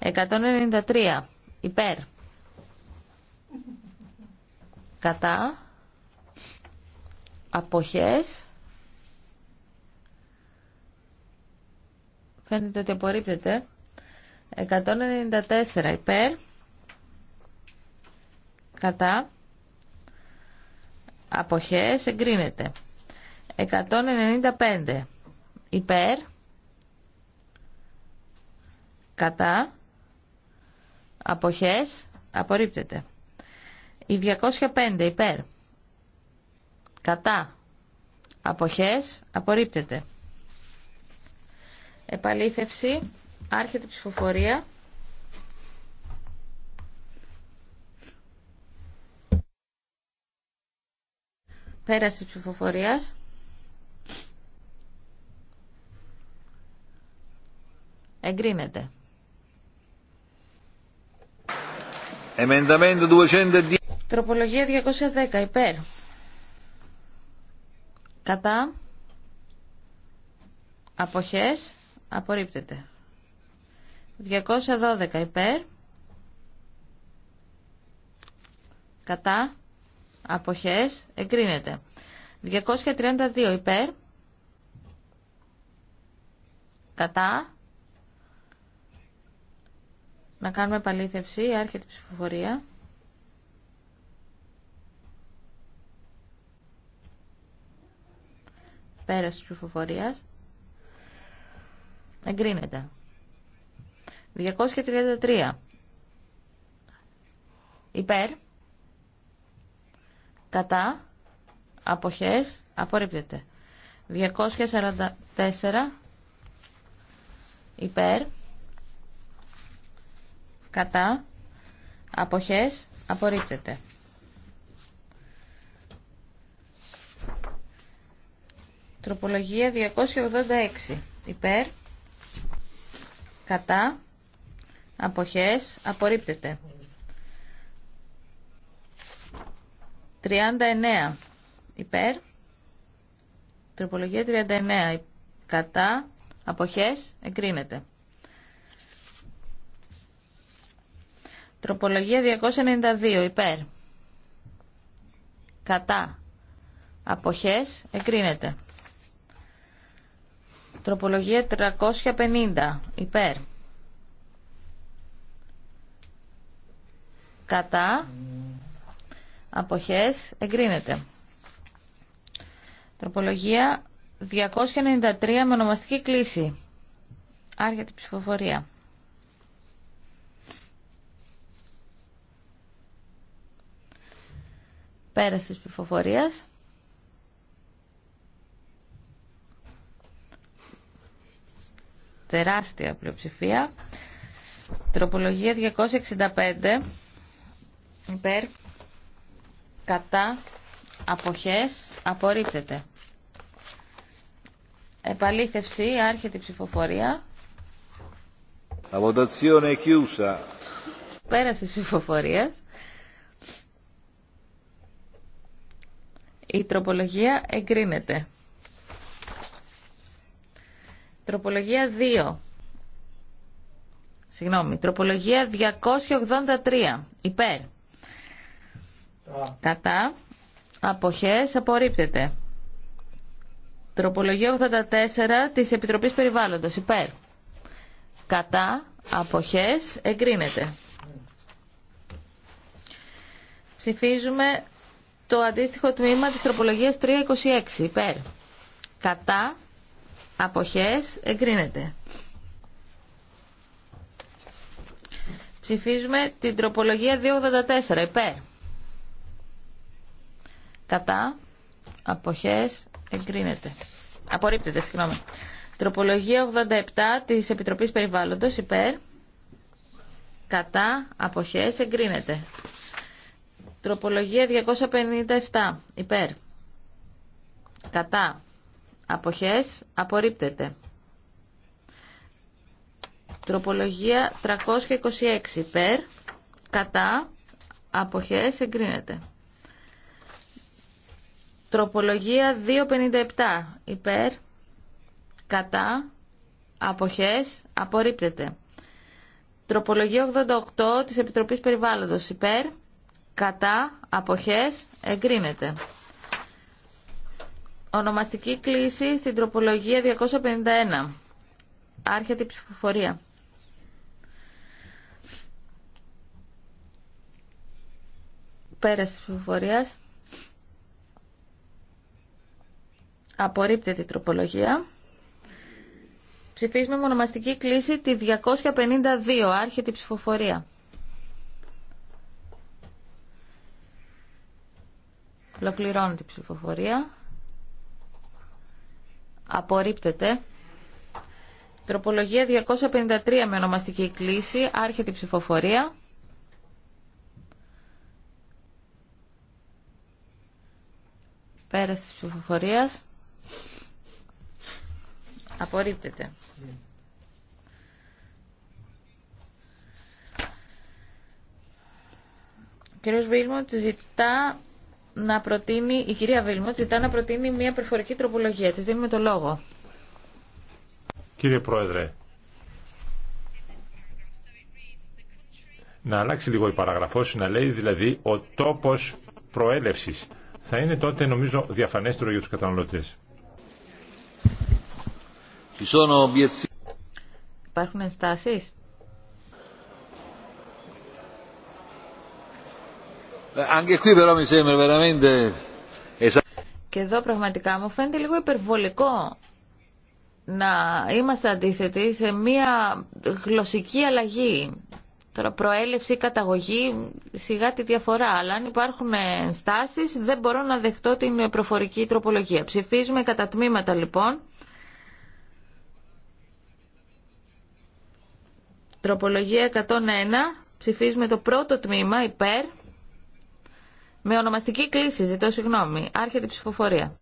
193 υπέρ κατά αποχές φαίνεται ότι απορρίπτεται 194 υπέρ κατά αποχές εγκρίνεται 195 υπέρ κατά αποχές απορρίπτεται η 205 υπέρ. Κατά. Αποχές. Απορρίπτεται. Επαλήθευση. Άρχεται ψηφοφορία. Πέραση της ψηφοφορίας. Εγκρίνεται. Εμενταμέντο 210. Τροπολογία 210 υπέρ. Κατά. Αποχές. Απορρίπτεται. 212 υπέρ. Κατά. Αποχές. Εγκρίνεται. 232 υπέρ. Κατά. Να κάνουμε επαλήθευση. Άρχεται η ψηφοφορία. Πέρας της ψηφοφορίας. Εγκρίνεται. 233. Υπέρ. Κατά. Αποχές. Απορρίπτεται. 244. Υπέρ. Κατά. Αποχές. Απορρίπτεται. Τροπολογία 286. Υπέρ. Κατά. Αποχές. Απορρίπτεται. 39. Υπέρ. Τροπολογία 39. Κατά. Αποχές. Εγκρίνεται. Τροπολογία 292. Υπέρ. Κατά. Αποχές. Εγκρίνεται. Τροπολογία 350. Υπέρ. Κατά. Αποχές. Εγκρίνεται. Τροπολογία 293 με ονομαστική κλίση. Άρχεται την ψηφοφορία. Πέρας της ψηφοφορίας. τεράστια πλειοψηφία. Τροπολογία 265 υπέρ κατά αποχές απορρίπτεται. Επαλήθευση, άρχεται η ψηφοφορία. La votazione chiusa. Πέρασε η ψηφοφορίας. Η τροπολογία εγκρίνεται. Τροπολογία 2. Συγγνώμη. Τροπολογία 283. Υπέρ. Κατά. Αποχές. Απορρίπτεται. Τροπολογία 84 της Επιτροπής Περιβάλλοντος. Υπέρ. Κατά. Αποχές. Εγκρίνεται. Ψηφίζουμε το αντίστοιχο τμήμα της τροπολογίας 326. Υπέρ. Κατά. Αποχές εγκρίνεται. Ψηφίζουμε την τροπολογία 284 υπέρ. Κατά. Αποχές εγκρίνεται. Απορρίπτεται, συγγνώμη. Τροπολογία 87 της Επιτροπής Περιβάλλοντος υπέρ. Κατά. Αποχές εγκρίνεται. Τροπολογία 257 υπέρ. Κατά. Αποχές απορρίπτεται. Τροπολογία 326 υπέρ, κατά, αποχές εγκρίνεται. Τροπολογία 257 υπέρ, κατά, αποχές απορρίπτεται. Τροπολογία 88 της Επιτροπής Περιβάλλοντος υπέρ, κατά, αποχές εγκρίνεται. Ονομαστική κλίση στην τροπολογία 251. Άρχεται η ψηφοφορία. Πέραση τη ψηφοφορίας. Απορρίπτεται η τροπολογία. με ονομαστική κλίση τη 252. Άρχεται η ψηφοφορία. Ολοκληρώνεται την ψηφοφορία. Απορρίπτεται. Τροπολογία 253 με ονομαστική κλίση. Άρχεται η ψηφοφορία. Πέραση της ψηφοφορίας. Απορρίπτεται. Ο κύριος Βίλμοντ ζητά να προτείνει, η κυρία Βίλμοτ ζητά να προτείνει μια προφορική τροπολογία. Τη δίνουμε το λόγο. Κύριε Πρόεδρε, να αλλάξει λίγο η παραγραφό, να λέει δηλαδή ο τόπο προέλευση. Θα είναι τότε νομίζω διαφανέστερο για του καταναλωτέ. Υπάρχουν ενστάσεις. Eh, Και εδώ πραγματικά μου φαίνεται λίγο υπερβολικό να είμαστε αντίθετοι σε μία γλωσσική αλλαγή. Τώρα προέλευση, καταγωγή, σιγά τη διαφορά. Αλλά αν υπάρχουν στάσεις δεν μπορώ να δεχτώ την προφορική τροπολογία. Ψηφίζουμε κατά τμήματα λοιπόν. Τροπολογία 101. Ψηφίζουμε το πρώτο τμήμα υπέρ. Με ονομαστική κλίση, ζητώ συγγνώμη. Άρχεται η ψηφοφορία.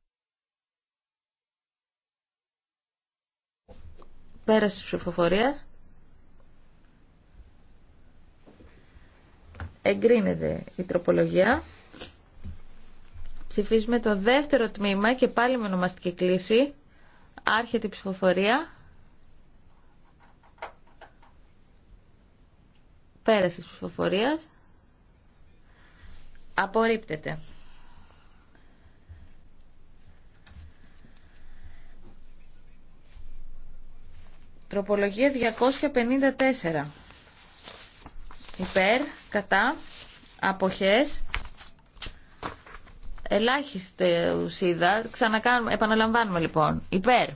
Πέρασε τη ψηφοφορία. Εγκρίνεται η τροπολογία. Ψηφίζουμε το δεύτερο τμήμα και πάλι με ονομαστική κλίση. Άρχεται η ψηφοφορία. Πέραση ψηφοφορία. ψηφοφορία. Απορρίπτεται. Τροπολογία 254. Υπέρ, κατά, αποχές, ελάχιστε ουσίδα. Ξανακάνουμε, επαναλαμβάνουμε λοιπόν. Υπέρ.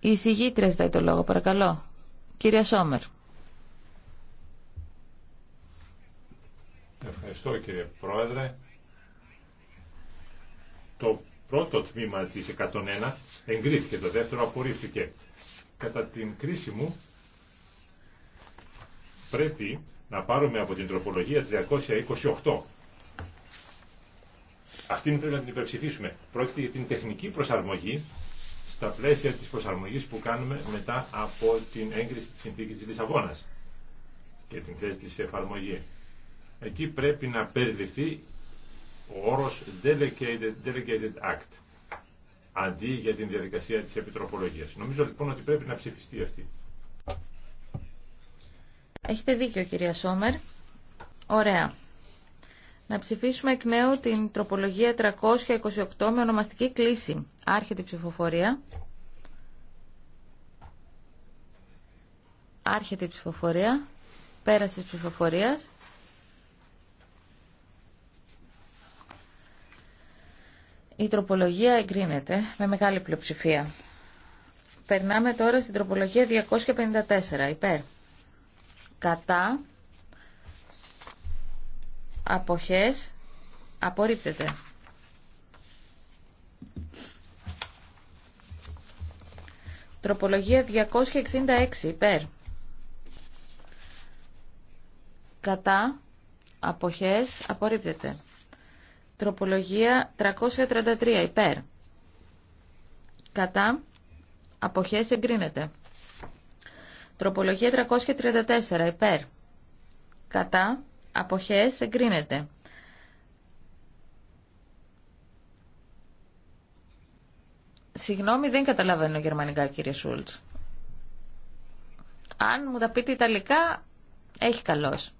Η εισηγήτρια ζητάει το λόγο, παρακαλώ. Κυρία Σόμερ. Ευχαριστώ κύριε Πρόεδρε. Το πρώτο τμήμα της 101 εγκρίθηκε, το δεύτερο απορρίφθηκε. Κατά την κρίση μου πρέπει να πάρουμε από την τροπολογία 328. Αυτήν πρέπει να την υπερψηφίσουμε. Πρόκειται για την τεχνική προσαρμογή στα πλαίσια της προσαρμογής που κάνουμε μετά από την έγκριση της συνθήκης της Λισαβόνας και την θέση της εφαρμογή εκεί πρέπει να περιληφθεί ο όρος delegated, delegated act αντί για την διαδικασία της επιτροπολογίας. Νομίζω λοιπόν ότι πρέπει να ψηφιστεί αυτή. Έχετε δίκιο κυρία Σόμερ. Ωραία. Να ψηφίσουμε εκ νέου την τροπολογία 328 με ονομαστική κλίση. Άρχεται η ψηφοφορία. Άρχεται η ψηφοφορία. Πέρασε της ψηφοφορίας. Η τροπολογία εγκρίνεται με μεγάλη πλειοψηφία. Περνάμε τώρα στην τροπολογία 254. Υπέρ. Κατά. Αποχές. Απορρίπτεται. Τροπολογία 266. Υπέρ. Κατά. Αποχές. Απορρίπτεται. Τροπολογία 333 υπέρ. Κατά. Αποχές εγκρίνεται. Τροπολογία 334 υπέρ. Κατά. Αποχές εγκρίνεται. Συγγνώμη, δεν καταλαβαίνω γερμανικά, κύριε Σούλτς. Αν μου τα πείτε ιταλικά, έχει καλός.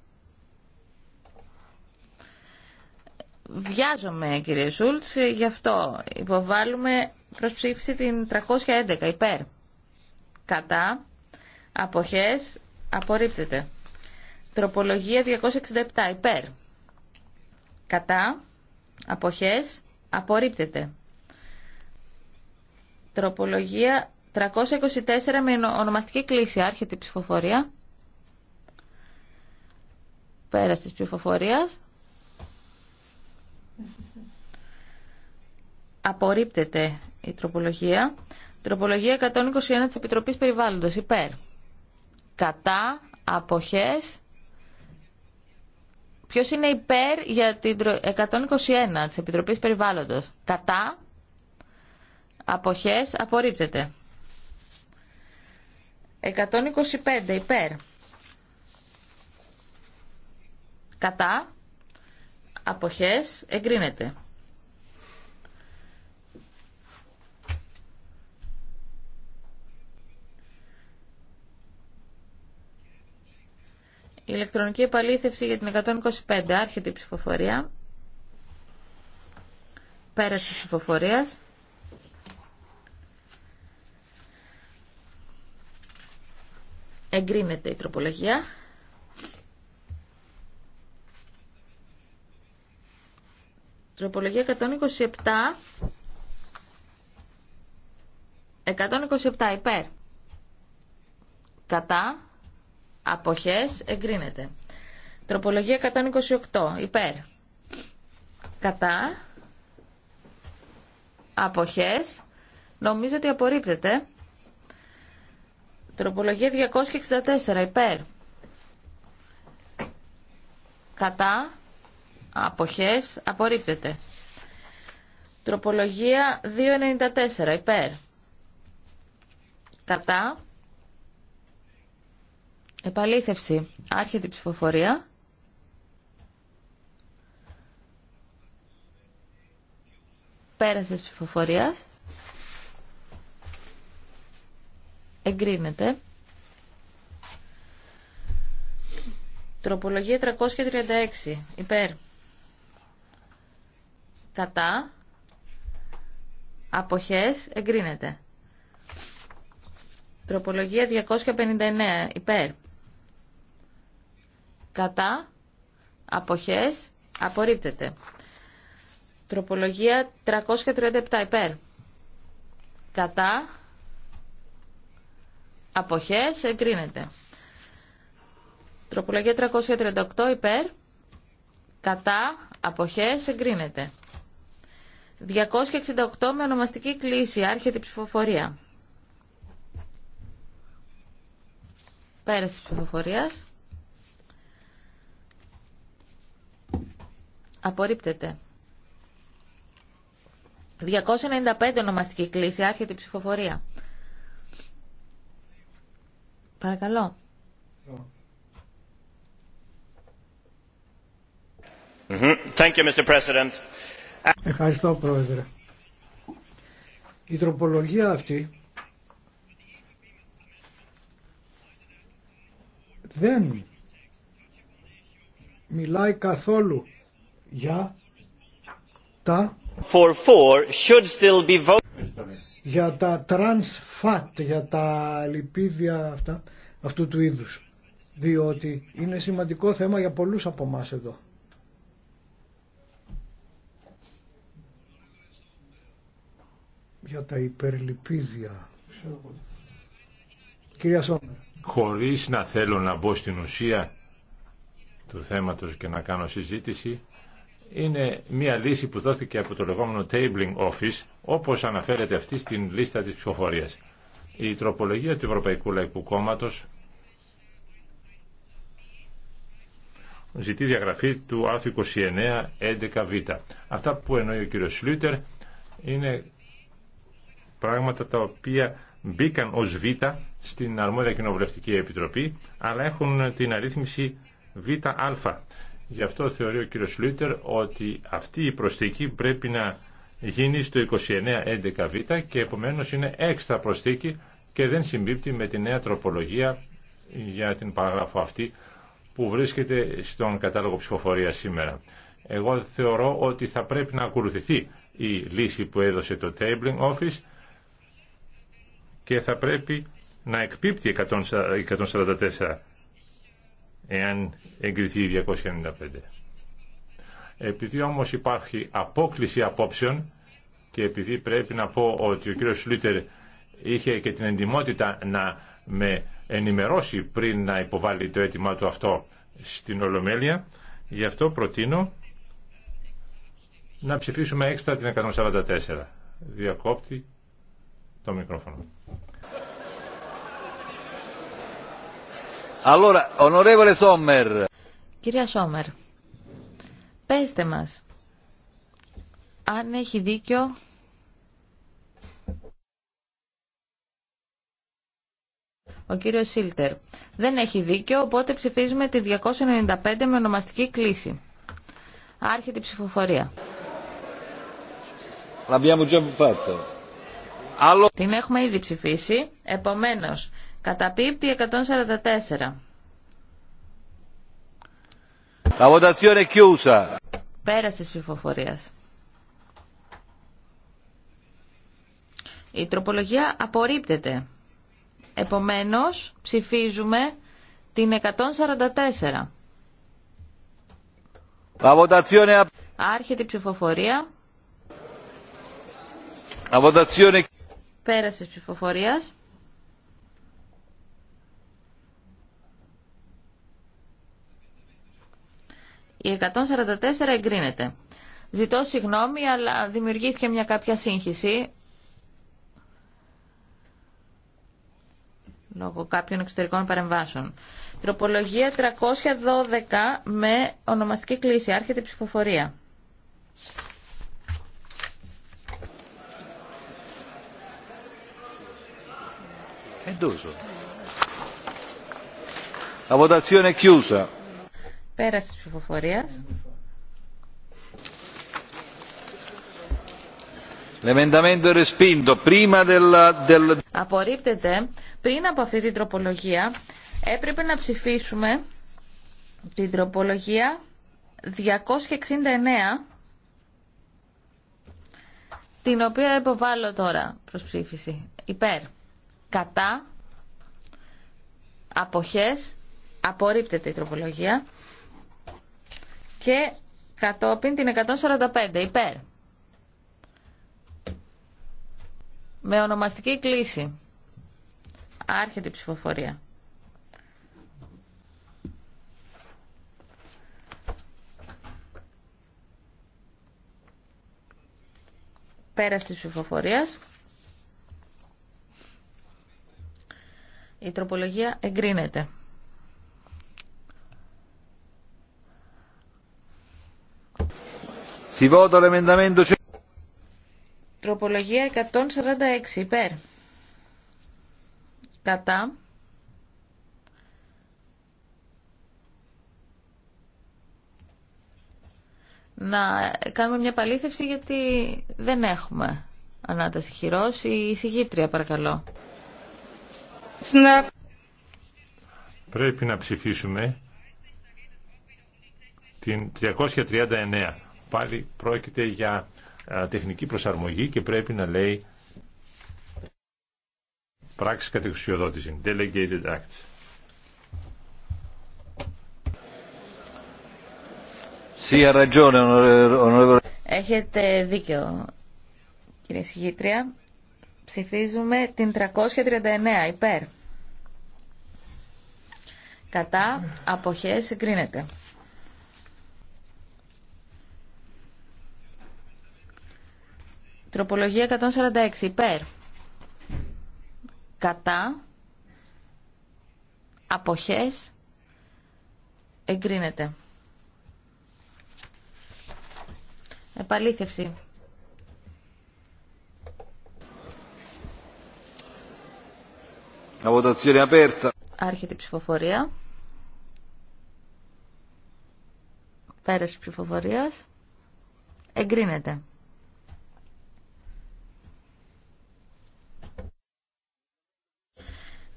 βιάζομαι κύριε Σούλτς, γι' αυτό υποβάλλουμε προς ψήφιση την 311 υπέρ. Κατά, αποχές, απορρίπτεται. Τροπολογία 267 υπέρ. Κατά, αποχές, απορρίπτεται. Τροπολογία 324 με ονομαστική κλίση, άρχεται η ψηφοφορία. Πέρας της ψηφοφορίας. Απορρίπτεται η τροπολογία. Τροπολογία 121 της Επιτροπής Περιβάλλοντος. Υπέρ. Κατά. Αποχές. Ποιος είναι υπέρ για την 121 της Επιτροπής Περιβάλλοντος. Κατά. Αποχές. Απορρίπτεται. 125 υπέρ. Κατά αποχές εγκρίνεται. Η ηλεκτρονική επαλήθευση για την 125 άρχεται η ψηφοφορία. Πέραση ψηφοφορίας. Εγκρίνεται η τροπολογία. Τροπολογία 127. 127 υπέρ. Κατά. Αποχές εγκρίνεται. Τροπολογία 128 υπέρ. Κατά. Αποχές. Νομίζω ότι απορρίπτεται. Τροπολογία 264 υπέρ. Κατά αποχές απορρίπτεται. Τροπολογία 294 υπέρ. Κατά. Επαλήθευση. Άρχεται η ψηφοφορία. Πέρασε της ψηφοφορίας. Εγκρίνεται. Τροπολογία 336. Υπέρ κατά, αποχές, εγκρίνεται. Τροπολογία 259, υπέρ, κατά, αποχές, απορρίπτεται. Τροπολογία 337, υπέρ, κατά, αποχές, εγκρίνεται. Τροπολογία 338 υπέρ, κατά, αποχές, εγκρίνεται. 268 με ονομαστική κλίση. Άρχεται η ψηφοφορία. Πέραση της ψηφοφορίας. Απορρίπτεται. 295 ονομαστική κλίση. Άρχεται η ψηφοφορία. Παρακαλώ. Mm-hmm. Thank you, Mr. President. Ευχαριστώ Πρόεδρε. Η τροπολογία αυτή δεν μιλάει καθόλου για τα For four should still be voted. για τα trans fat, για τα λιπίδια αυτά, αυτού του είδους. Διότι είναι σημαντικό θέμα για πολλούς από εμά εδώ. για τα υπερλιπίδια. Κυρία Χωρίς να θέλω να μπω στην ουσία του θέματος και να κάνω συζήτηση, είναι μια λύση που δόθηκε από το λεγόμενο Tabling Office, όπως αναφέρεται αυτή στην λίστα της ψηφοφορίας. Η τροπολογία του Ευρωπαϊκού Λαϊκού Κόμματος ζητεί διαγραφή του άρθρου 29 11β. Αυτά που εννοεί ο κύριος Σλούτερ είναι πράγματα τα οποία μπήκαν ως Β στην αρμόδια κοινοβουλευτική επιτροπή, αλλά έχουν την αρρύθμιση ΒΑ. Γι' αυτό θεωρεί ο κύριος Λούιτερ ότι αυτή η προσθήκη πρέπει να γίνει στο 2911Β και επομένως είναι έξτρα προσθήκη και δεν συμπίπτει με τη νέα τροπολογία για την παράγραφο αυτή που βρίσκεται στον κατάλογο ψηφοφορία σήμερα. Εγώ θεωρώ ότι θα πρέπει να ακολουθηθεί η λύση που έδωσε το Tabling Office και θα πρέπει να εκπίπτει 144 εάν εγκριθεί η 295. Επειδή όμως υπάρχει απόκληση απόψεων και επειδή πρέπει να πω ότι ο κύριος Σλίτερ είχε και την εντιμότητα να με ενημερώσει πριν να υποβάλει το αίτημά του αυτό στην Ολομέλεια, γι' αυτό προτείνω να ψηφίσουμε έξτρα την 144. Διακόπτη το μικρόφωνο. Allora, onorevole Sommer. Κυρία Σόμερ, πέστε μας, αν έχει δίκιο ο κύριος Σίλτερ. Δεν έχει δίκιο, οπότε ψηφίζουμε τη 295 με ονομαστική κλίση. Άρχεται η ψηφοφορία. L'abbiamo già fatto. Άλλο... Την έχουμε ήδη ψηφίσει, επομένως, πίπτη 144. La votazione è chiusa. Πέρασε της ψηφοφορίας. Η τροπολογία απορρίπτεται. Επομένως, ψηφίζουμε την 144. La votazione... Άρχεται η ψηφοφορία. La votazione... Πέραση ψηφοφορία. Η 144 εγκρίνεται. Ζητώ συγγνώμη, αλλά δημιουργήθηκε μια κάποια σύγχυση. λόγω κάποιων εξωτερικών παρεμβάσεων. Τροπολογία 312 με ονομαστική κλίση. Άρχεται η ψηφοφορία. Πέραση L'emendamento Απορρίπτεται. Πριν από αυτή την τροπολογία έπρεπε να ψηφίσουμε την τροπολογία 269 την οποία υποβάλλω τώρα προς ψήφιση. Υπέρ κατά, αποχές, απορρίπτεται η τροπολογία και κατόπιν την 145 υπέρ. Με ονομαστική κλίση. Άρχεται η ψηφοφορία. Πέραση της ψηφοφορίας. Η τροπολογία εγκρίνεται. Τροπολογία 146 υπέρ. Κατά. Να κάνουμε μια παλήθευση γιατί δεν έχουμε ανάταση χειρός. Η συγγήτρια παρακαλώ. Πρέπει να ψηφίσουμε την 339. Πάλι πρόκειται για τεχνική προσαρμογή και πρέπει να λέει πράξη κατεξουσιοδότηση. Delegated Act. Έχετε δίκιο, κύριε Συγήτρια. Ψηφίζουμε την 339 υπέρ. Κατά απόχέ συγκρίνεται. Τροπολογία 146 υπέρ. Κατά αποχές εγκρίνεται. Επαλήθευση. Άρχεται η ψηφοφορία. Πέραση ψηφοφορία. Εγκρίνεται.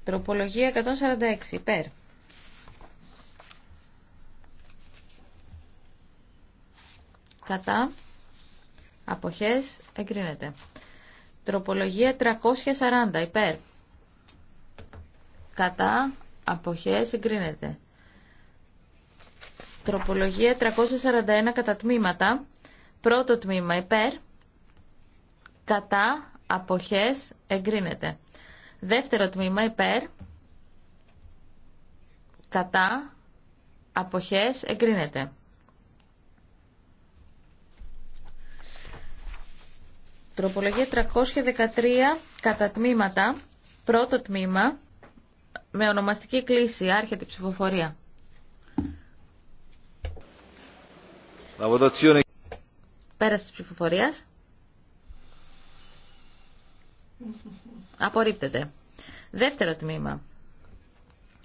Τροπολογία 146. Υπέρ. Κατά. Αποχές. Εγκρίνεται. Τροπολογία 340. Υπέρ κατά απόχέ εγκρίνεται. Τροπολογία 341 κατά τμήματα. Πρώτο τμήμα υπέρ, κατά αποχές εγκρίνεται. Δεύτερο τμήμα υπέρ, κατά αποχές εγκρίνεται. Τροπολογία 313 κατά τμήματα. Πρώτο τμήμα με ονομαστική κλίση άρχεται η ψηφοφορία. Πέραση της ψηφοφορίας. Απορρίπτεται. Δεύτερο τμήμα.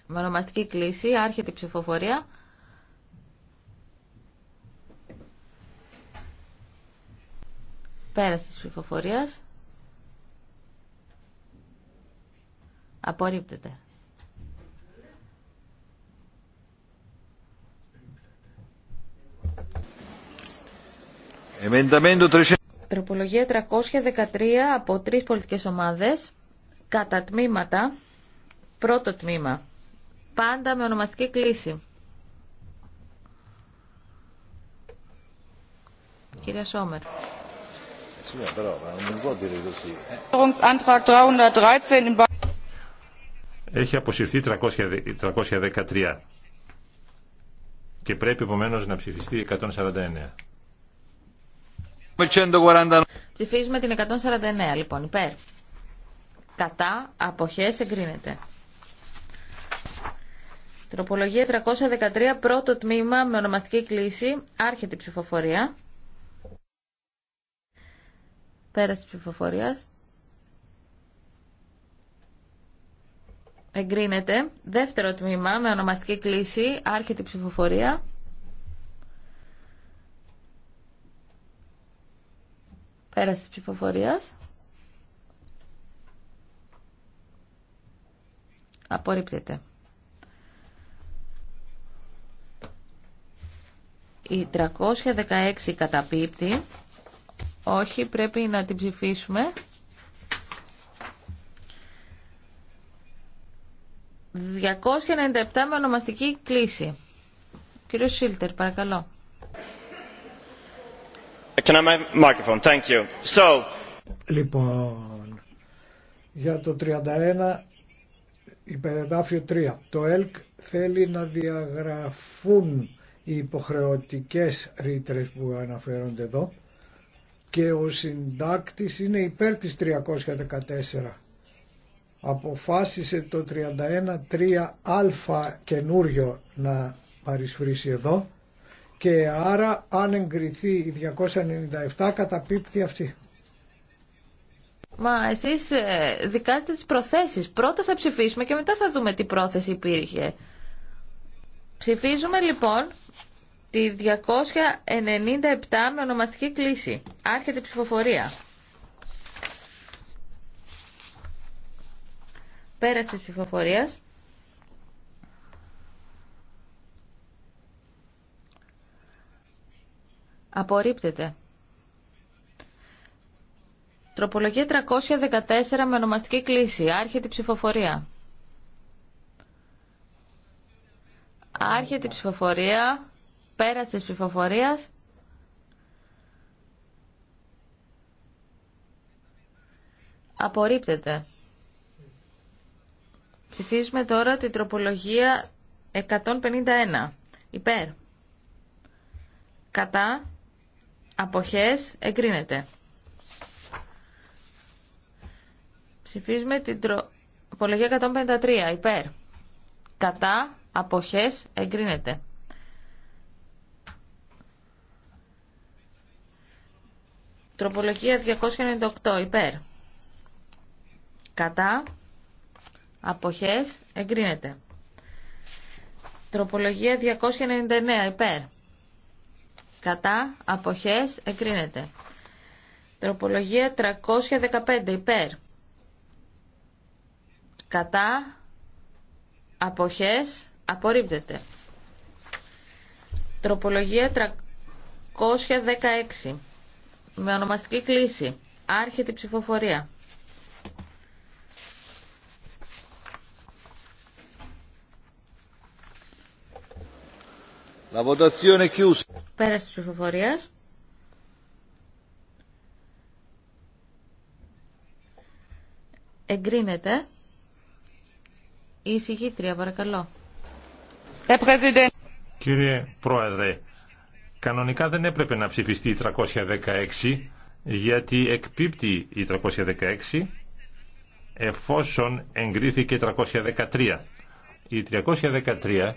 Με ονομαστική κλίση άρχεται η ψηφοφορία. Πέραση της ψηφοφορίας. Απορρίπτεται. Τροπολογία 313 από τρεις πολιτικές ομάδες, κατά τμήματα, πρώτο τμήμα, πάντα με ονομαστική κλίση. Κυρία Σόμερ. Έχει αποσυρθεί 313 και πρέπει επομένως να ψηφιστεί 149. Ψηφίζουμε την 149 λοιπόν υπέρ. Κατά αποχές εγκρίνεται. Τροπολογία 313 πρώτο τμήμα με ονομαστική κλίση. Άρχεται η ψηφοφορία. Πέραση της ψηφοφορίας. Εγκρίνεται. Δεύτερο τμήμα με ονομαστική κλίση. Άρχεται η ψηφοφορία. Πέραση της ψηφοφορίας. Απορρίπτεται. Η 316 καταπίπτει. Όχι, πρέπει να την ψηφίσουμε. «297 με ονομαστική κλίση». Κύριο Σίλτερ, παρακαλώ. Λοιπόν, για το 31 υπεδάφιο 3. Το ΕΛΚ θέλει να διαγραφούν οι υποχρεωτικές ρήτρε που αναφέρονται εδώ και ο συντάκτης είναι υπέρ της 314. Αποφάσισε το 31 3α καινούριο να παρισφρήσει εδώ και άρα αν εγκριθεί η 297 καταπίπτει αυτή. Μα εσείς ε, δικάζετε τις προθέσεις. Πρώτα θα ψηφίσουμε και μετά θα δούμε τι πρόθεση υπήρχε. Ψηφίζουμε λοιπόν τη 297 με ονομαστική κλίση. Άρχεται η ψηφοφορία. Πέραση της ψηφοφορίας. Απορρίπτεται. Τροπολογία 314 με ονομαστική κλίση. Άρχεται η ψηφοφορία. Άρχεται η ψηφοφορία. Πέρασες τη ψηφοφορίας. Απορρίπτεται. Ψηφίζουμε τώρα την τροπολογία 151. Υπέρ. Κατά αποχές εγκρίνεται. Ψηφίζουμε την τροπολογία 153 υπέρ. Κατά αποχές εγκρίνεται. Τροπολογία 298 υπέρ. Κατά αποχές εγκρίνεται. Τροπολογία 299 υπέρ κατά, αποχές, εκρίνεται. Τροπολογία 315 υπέρ. Κατά, αποχές, απορρίπτεται. Τροπολογία 316 με ονομαστική κλίση. Άρχεται η ψηφοφορία. La τη Εγκρίνεται. Η εισηγήτρια, παρακαλώ. Ε, Κύριε Πρόεδρε, κανονικά δεν έπρεπε να ψηφιστεί η 316 γιατί εκπίπτει η 316 εφόσον εγκρίθηκε η 313. Η 313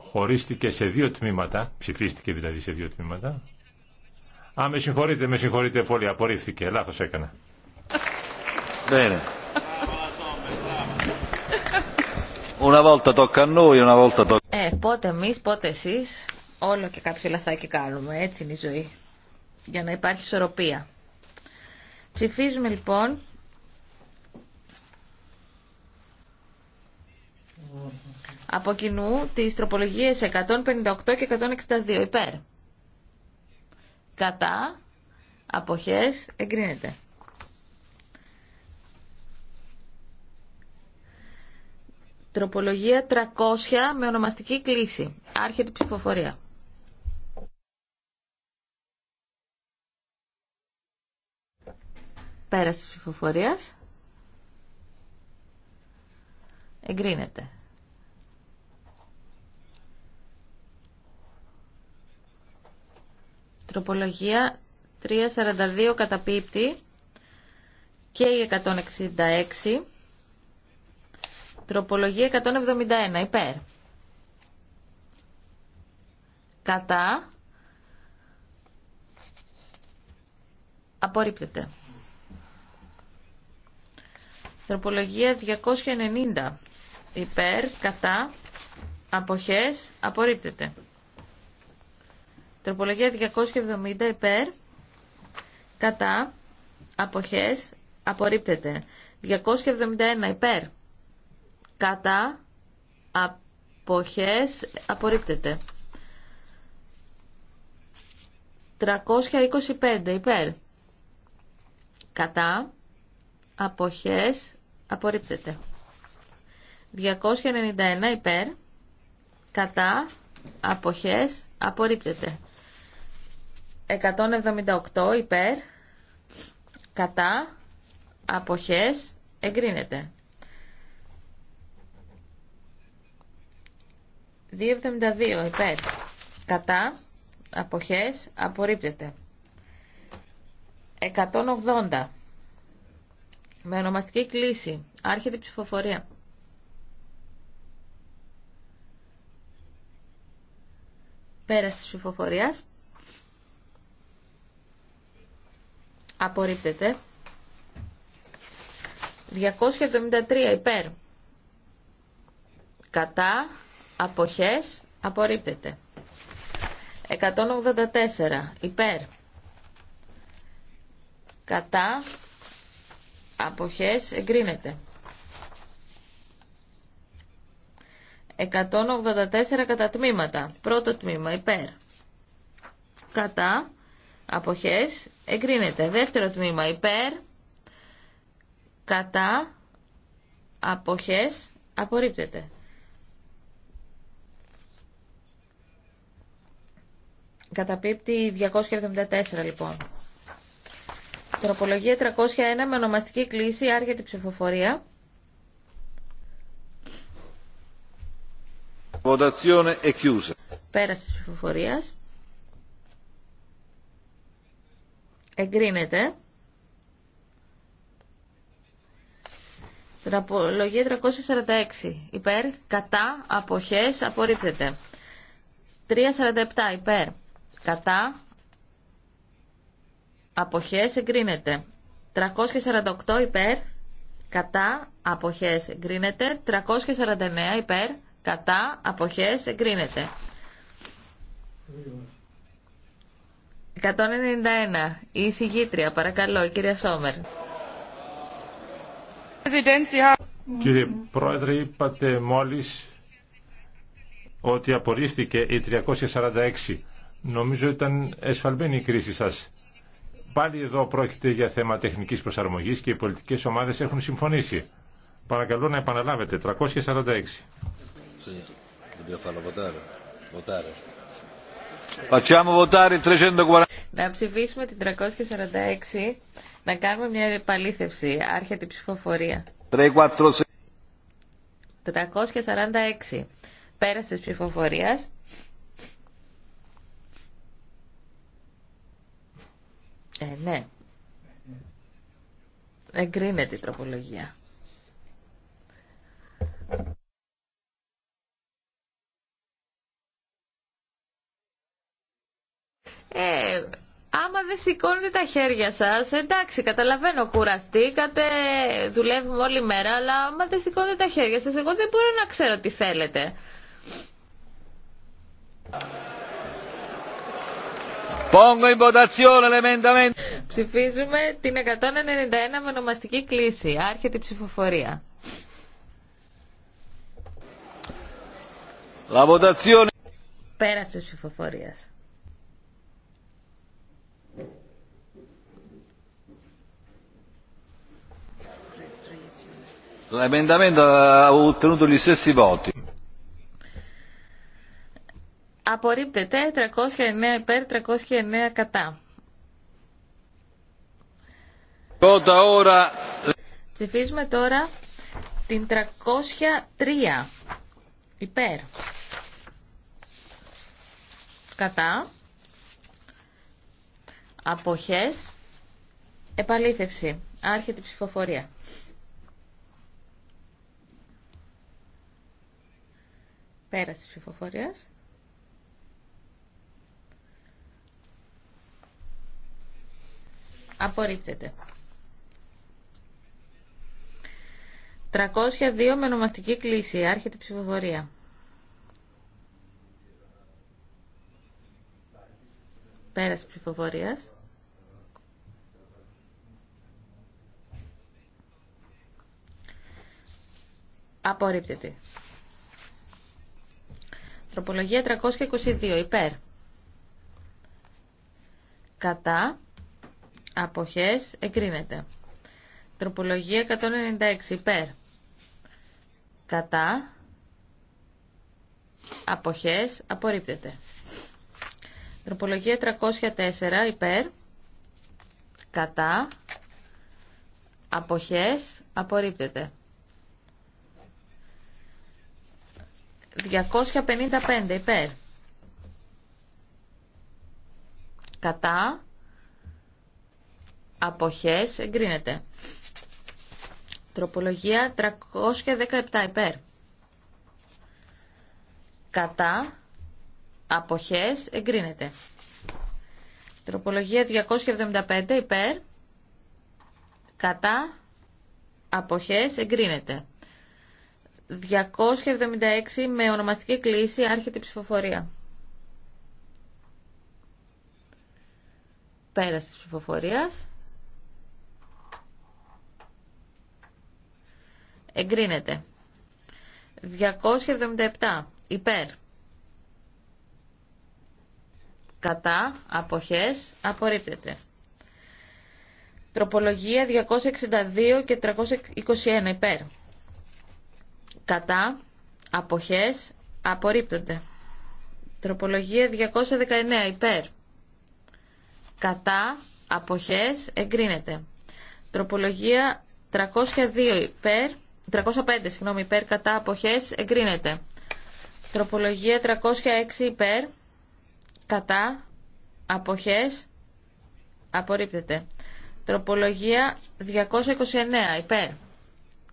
χωρίστηκε σε δύο τμήματα, ψηφίστηκε δηλαδή σε δύο τμήματα. Α, με συγχωρείτε, με συγχωρείτε πολύ, απορρίφθηκε, λάθος έκανα. volta Ε, πότε εμεί, πότε εσεί, όλο και κάποιο λαθάκι κάνουμε. Έτσι είναι η ζωή. Για να υπάρχει ισορροπία. Ψηφίζουμε λοιπόν από κοινού τις τροπολογίες 158 και 162 υπέρ. Κατά αποχές εγκρίνεται. Τροπολογία 300 με ονομαστική κλίση. Άρχεται η ψηφοφορία. Πέραση της ψηφοφορίας. Εγκρίνεται. Τροπολογία 342 καταπίπτη και η 166. Τροπολογία 171 υπέρ. Κατά. Απορρίπτεται. Τροπολογία 290 υπέρ. Κατά. Αποχές. Απορρίπτεται. Τροπολογία 270 υπέρ, κατά, αποχές, απορρίπτεται. 271 υπέρ, κατά, αποχές, απορρίπτεται. 325 υπέρ, κατά, αποχές, απορρίπτεται. 291 υπέρ, κατά, αποχές, απορρίπτεται. 178 υπέρ, κατά, αποχές, εγκρίνεται. 2,72 υπέρ, κατά, αποχές, απορρίπτεται. 180 με ονομαστική κλίση, άρχεται η ψηφοφορία. Πέραση της ψηφοφορίας. Απορρίπτεται. 273 υπέρ. Κατά. Αποχές. Απορρίπτεται. 184 υπέρ. Κατά. Αποχές. Εγκρίνεται. 184 κατά τμήματα. Πρώτο τμήμα υπέρ. Κατά αποχές εγκρίνεται. Δεύτερο τμήμα υπέρ, κατά, αποχές απορρίπτεται. Καταπίπτει 274 λοιπόν. Τροπολογία 301 με ονομαστική κλίση άρχεται η ψηφοφορία. Votazione Πέραση τη ψηφοφορίας. Εγκρίνεται. Τραπολογία 346. Υπέρ. Κατά. Αποχές. Απορρίπτεται. 347. Υπέρ. Κατά. Αποχές. Εγκρίνεται. 348. Υπέρ. Κατά. Αποχές. Εγκρίνεται. 349. Υπέρ. Κατά. Αποχές. Εγκρίνεται. 191. Η εισηγήτρια, παρακαλώ, κυρία Σόμερ. Κύριε Πρόεδρε, είπατε μόλις ότι απορρίφθηκε η 346. Νομίζω ήταν εσφαλμένη η κρίση σας. Πάλι εδώ πρόκειται για θέμα τεχνικής προσαρμογής και οι πολιτικές ομάδες έχουν συμφωνήσει. Παρακαλώ να επαναλάβετε. 346. Facciamo votare 346. Να ψηφίσουμε την 346, να κάνουμε μια επαλήθευση. Άρχεται η ψηφοφορία. 346. Πέρασε τη ψηφοφορία. Ε, ναι. Εγκρίνεται η τροπολογία. Ε, άμα δεν σηκώνετε τα χέρια σας, εντάξει, καταλαβαίνω, κουραστήκατε, δουλεύουμε όλη μέρα, αλλά άμα δεν σηκώνετε τα χέρια σας, εγώ δεν μπορώ να ξέρω τι θέλετε. Ψηφίζουμε την 191 με ονομαστική κλίση. Άρχεται η ψηφοφορία. La votazione. Πέρασε ψηφοφορία. L'emendamento ha ottenuto gli Απορρίπτεται 309 υπέρ 309 κατά. Ψηφίζουμε τώρα την 303 υπέρ. Κατά. Αποχές. Επαλήθευση. Άρχεται η ψηφοφορία. Πέραση ψηφοφορίας. Απορρίπτεται. 302 με ονομαστική κλίση. Άρχεται η ψηφοφορία. Πέραση ψηφοφορίας. Απορρίπτεται. Τροπολογία 322 υπέρ. Κατά. Αποχές εγκρίνεται. Τροπολογία 196 υπέρ. Κατά. Αποχές απορρίπτεται. Τροπολογία 304 υπέρ. Κατά. Αποχές απορρίπτεται. 255 υπέρ. Κατά. Αποχές εγκρίνεται. Τροπολογία 317 υπέρ. Κατά. Αποχές εγκρίνεται. Τροπολογία 275 υπέρ. Κατά. Αποχές εγκρίνεται. 276 με ονομαστική κλίση άρχεται η ψηφοφορία. Πέραση της ψηφοφορίας. Εγκρίνεται. 277 υπέρ. Κατά αποχές απορρίπτεται. Τροπολογία 262 και 321 υπέρ κατά, αποχές, απορρίπτονται. Τροπολογία 219 υπέρ. Κατά, αποχές, εγκρίνεται. Τροπολογία 302 υπέρ, 305 συγγνώμη, υπέρ, κατά, αποχές, εγκρίνεται. Τροπολογία 306 υπέρ, κατά, αποχές, απορρίπτεται. Τροπολογία 229 υπέρ,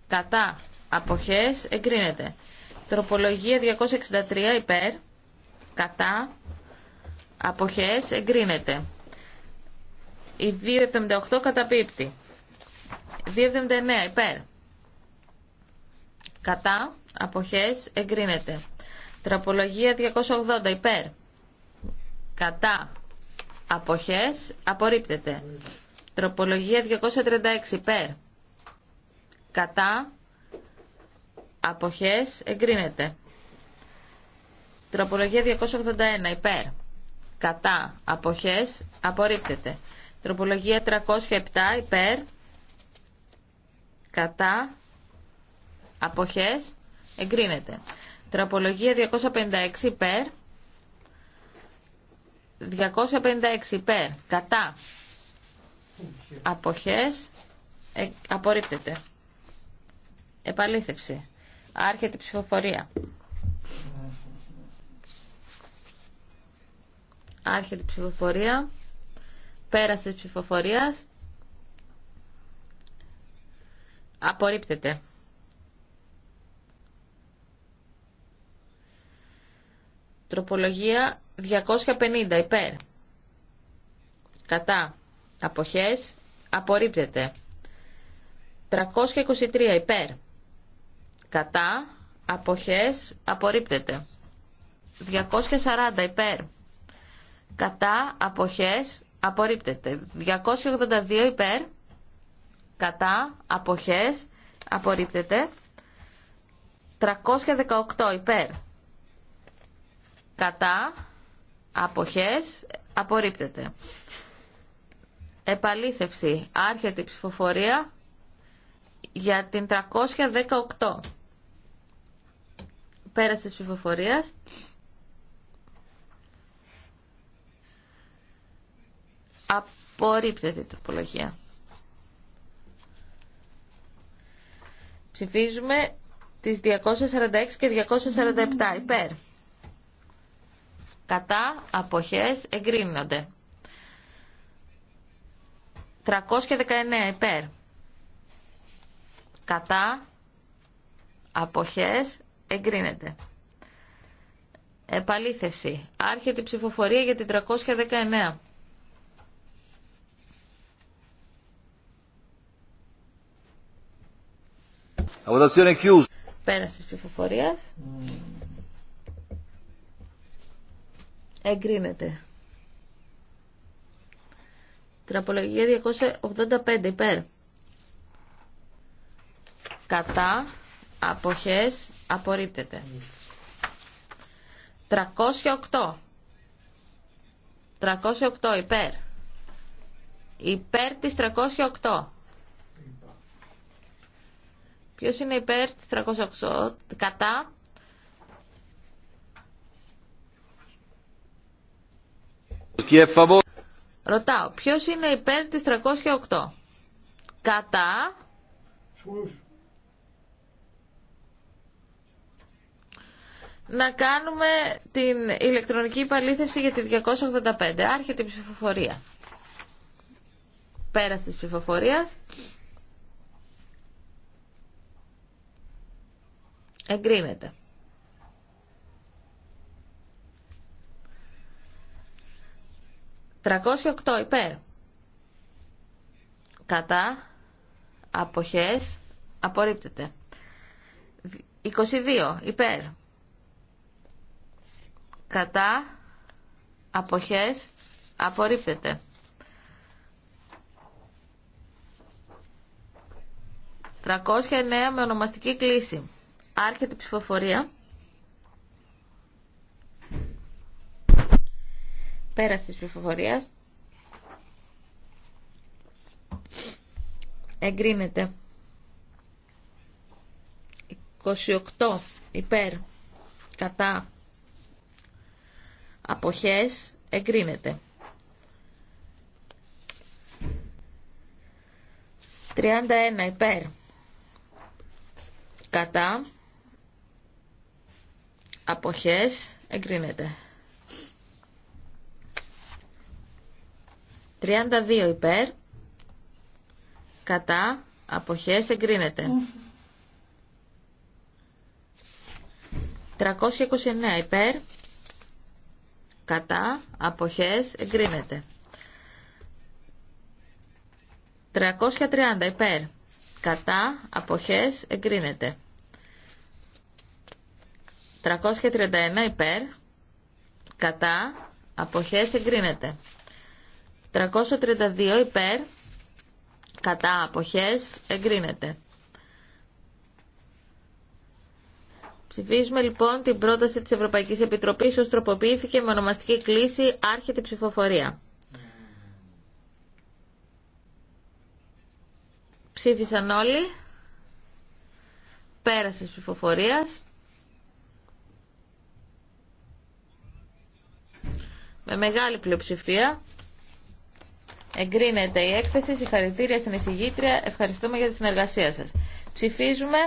κατά, αποχές εγκρίνεται. Τροπολογία 263 υπέρ, κατά, αποχές εγκρίνεται. Η 278 καταπίπτει. 279 υπέρ, κατά, αποχές εγκρίνεται. Τροπολογία 280 υπέρ, κατά, αποχές απορρίπτεται. Τροπολογία 236 υπέρ, κατά, Αποχές εγκρίνεται. Τροπολογία 281 υπέρ. Κατά. Αποχές απορρίπτεται. Τροπολογία 307 υπέρ. Κατά. Αποχές εγκρίνεται. Τροπολογία 256 υπέρ. 256 υπέρ. Κατά. Αποχές ε, απορρίπτεται. Επαλήθευση. Άρχεται η ψηφοφορία. Άρχεται η ψηφοφορία. Πέρασε η ψηφοφορία. Απορρίπτεται. Τροπολογία 250 υπέρ. Κατά. Αποχές. Απορρίπτεται. 323 υπέρ κατά, αποχές, απορρίπτεται. 240 υπέρ, κατά, αποχές, απορρίπτεται. 282 υπέρ, κατά, αποχές, απορρίπτεται. 318 υπέρ, κατά, αποχές, απορρίπτεται. Επαλήθευση, άρχεται η ψηφοφορία για την 318. Πέραση της ψηφοφορίας. Απορρίπτεται η τροπολογία. Ψηφίζουμε τις 246 και 247 υπέρ. Κατά αποχές εγκρίνονται. 319 υπέρ. Κατά αποχές Εγκρίνεται. Επαλήθευση. Άρχεται η ψηφοφορία για την 319. Πέραση τη ψηφοφορία. Εγκρίνεται. Τραπολογία 285 υπέρ. Κατά. Αποχές απορρίπτεται. 308. 308 υπέρ. Υπέρ της 308. Ποιος είναι υπέρ της 308. Κατά. Ρωτάω, ποιος είναι υπέρ της 308. Κατά. να κάνουμε την ηλεκτρονική υπαλήθευση για τη 285. Άρχεται η ψηφοφορία. Πέραση τη ψηφοφορία. Εγκρίνεται. 308 υπέρ. Κατά. Αποχές. Απορρίπτεται. 22 υπέρ κατά, αποχές, απορρίπτεται. 309 με ονομαστική κλίση. Άρχεται η ψηφοφορία. Πέραση της ψηφοφορίας. Εγκρίνεται. 28 υπέρ κατά Αποχές εγκρίνεται. 31 υπέρ. Κατά. Αποχές εγκρίνεται. 32 υπέρ. Κατά. Αποχές εγκρίνεται. 329 υπέρ κατά, αποχές, εγκρίνεται. 330 υπέρ, κατά, αποχές, εγκρίνεται. 331 υπέρ, κατά, αποχές, εγκρίνεται. 332 υπέρ, κατά, αποχές, εγκρίνεται. Ψηφίζουμε λοιπόν την πρόταση της Ευρωπαϊκής Επιτροπής ως τροποποιήθηκε με ονομαστική κλίση άρχεται ψηφοφορία. Ψήφισαν όλοι. Πέρασε ψηφοφορίας. Με μεγάλη πλειοψηφία. Εγκρίνεται η έκθεση. Συγχαρητήρια στην εισηγήτρια. Ευχαριστούμε για τη συνεργασία σας. Ψηφίζουμε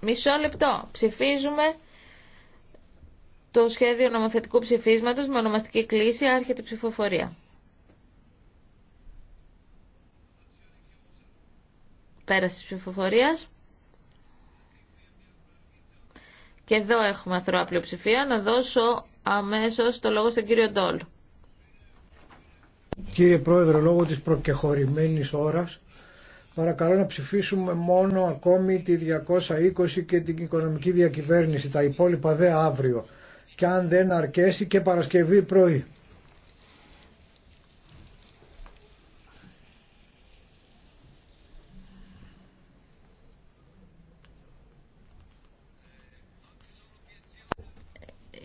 Μισό λεπτό. Ψηφίζουμε το σχέδιο νομοθετικού ψηφίσματος με ονομαστική κλίση άρχεται ψηφοφορία. Πέραση της ψηφοφορίας. Και εδώ έχουμε αθρώα πλειοψηφία. Να δώσω αμέσως το λόγο στον κύριο Ντόλ. Κύριε Πρόεδρε, λόγω της προκεχωρημένης ώρας Παρακαλώ να ψηφίσουμε μόνο ακόμη τη 220 και την οικονομική διακυβέρνηση, τα υπόλοιπα δε αύριο. Και αν δεν αρκέσει και Παρασκευή πρωί.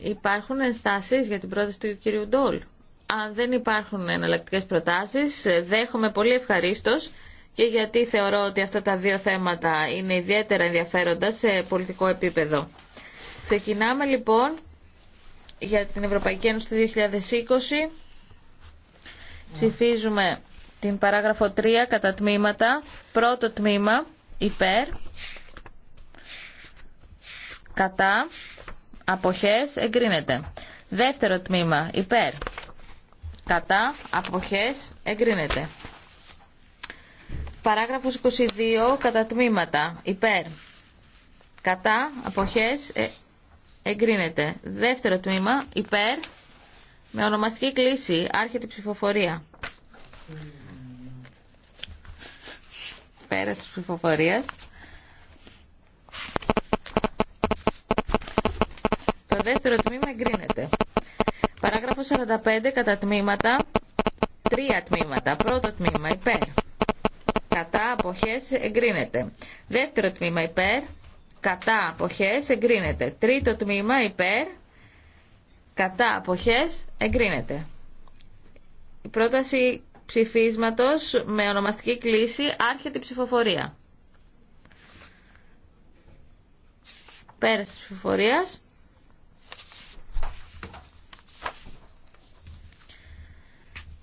Υπάρχουν ενστάσεις για την πρόταση του κυρίου Ντόλ. Αν δεν υπάρχουν εναλλακτικές προτάσεις, ε, δέχομαι πολύ ευχαρίστως και γιατί θεωρώ ότι αυτά τα δύο θέματα είναι ιδιαίτερα ενδιαφέροντα σε πολιτικό επίπεδο. Ξεκινάμε λοιπόν για την Ευρωπαϊκή Ένωση του 2020. Ψηφίζουμε την παράγραφο 3 κατά τμήματα. Πρώτο τμήμα υπέρ, κατά, αποχές, εγκρίνεται. Δεύτερο τμήμα υπέρ, κατά, αποχές, εγκρίνεται. Παράγραφος 22 κατά τμήματα. Υπέρ. Κατά. Αποχές. Ε, εγκρίνεται. Δεύτερο τμήμα. Υπέρ. Με ονομαστική κλίση. Άρχεται η ψηφοφορία. Πέρας της ψηφοφορίας. Το δεύτερο τμήμα εγκρίνεται. Παράγραφος 45 κατά τμήματα. Τρία τμήματα. Πρώτο τμήμα. Υπέρ κατά αποχές εγκρίνεται. Δεύτερο τμήμα υπέρ, κατά αποχές εγκρίνεται. Τρίτο τμήμα υπέρ, κατά αποχές εγκρίνεται. Η πρόταση ψηφίσματος με ονομαστική κλίση άρχεται η ψηφοφορία. Πέρας της ψηφοφορίας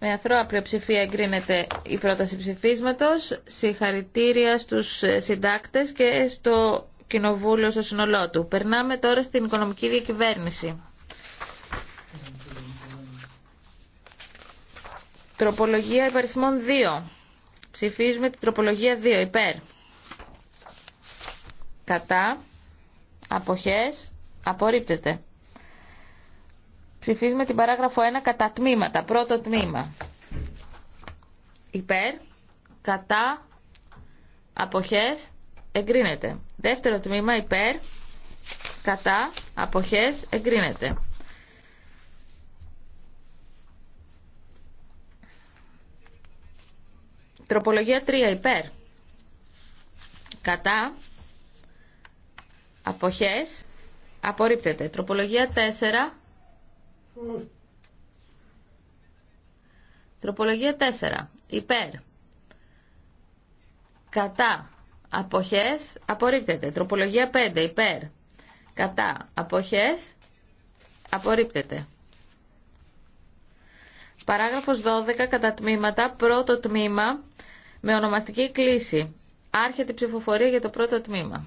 Με αθρώα πλειοψηφία εγκρίνεται η πρόταση ψηφίσματος. Συγχαρητήρια στους συντάκτες και στο Κοινοβούλιο στο σύνολό του. Περνάμε τώρα στην οικονομική διακυβέρνηση. Τροπολογία υπαριθμών 2. Ψηφίζουμε την τροπολογία 2. Υπέρ. Κατά. Αποχές. Απορρίπτεται. Ψηφίζουμε την παράγραφο 1 κατά τμήματα. Πρώτο τμήμα. Υπέρ, κατά, αποχές, εγκρίνεται. Δεύτερο τμήμα υπέρ, κατά, αποχές, εγκρίνεται. Τροπολογία 3 υπέρ, κατά, αποχές, απορρίπτεται. Τροπολογία 4 Τροπολογία 4. Υπέρ. Κατά. Αποχές. Απορρίπτεται. Τροπολογία 5. Υπέρ. Κατά. Αποχές. Απορρίπτεται. Παράγραφος 12. Κατά τμήματα. Πρώτο τμήμα. Με ονομαστική κλίση. Άρχεται η ψηφοφορία για το πρώτο τμήμα.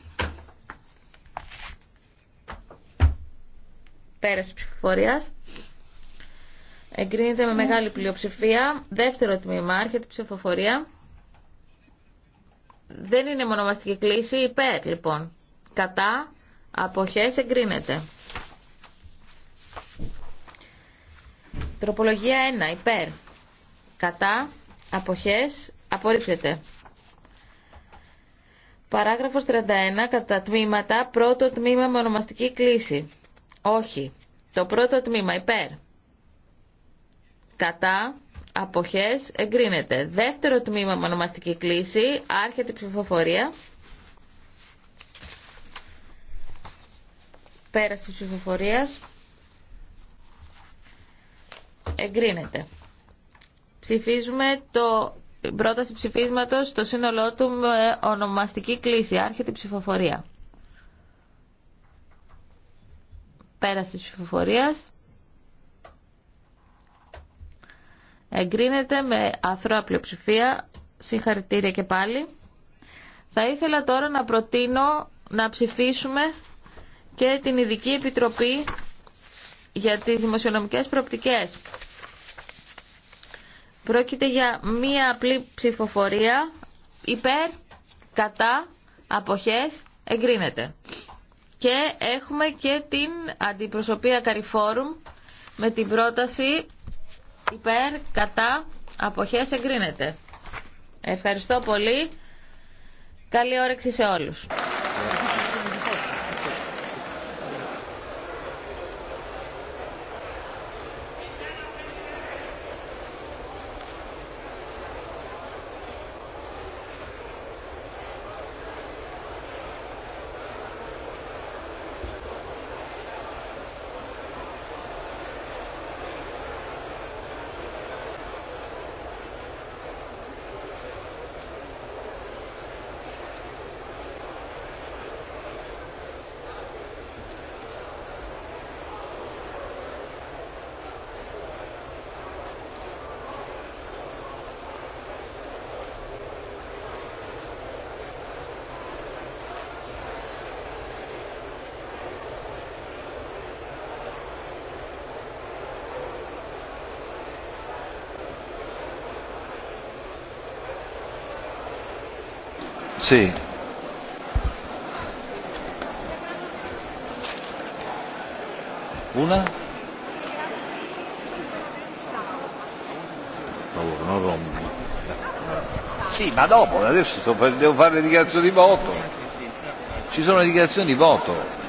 Πέρας ψηφοφορίας. Εγκρίνεται με μεγάλη πλειοψηφία. Δεύτερο τμήμα, άρχεται ψηφοφορία. Δεν είναι μονομαστική κλίση, υπέρ λοιπόν. Κατά, αποχές, εγκρίνεται. Τροπολογία 1, υπέρ. Κατά, αποχές, απορρίπτεται. Παράγραφος 31, κατά τμήματα, πρώτο τμήμα μονομαστική κλίση. Όχι. Το πρώτο τμήμα υπέρ. Κατά. Αποχές εγκρίνεται. Δεύτερο τμήμα με ονομαστική κλίση. Άρχεται η ψηφοφορία. Πέραση της ψηφοφορίας. Εγκρίνεται. Ψηφίζουμε το πρόταση ψηφίσματος στο σύνολό του με ονομαστική κλίση. Άρχεται η ψηφοφορία. Πέρας της ψηφοφορίας. Εγκρίνεται με αθρώα πλειοψηφία. Συγχαρητήρια και πάλι. Θα ήθελα τώρα να προτείνω να ψηφίσουμε και την Ειδική Επιτροπή για τις δημοσιονομικές προοπτικές. Πρόκειται για μία απλή ψηφοφορία υπέρ, κατά, αποχές, εγκρίνεται. Και έχουμε και την αντιπροσωπεία Καριφόρουμ με την πρόταση υπέρ, κατά, αποχές εγκρίνεται. Ευχαριστώ πολύ. Καλή όρεξη σε όλους. Sì. Una? non Sì, ma dopo, adesso devo fare le dichiarazioni di voto. Ci sono le dichiarazioni di voto.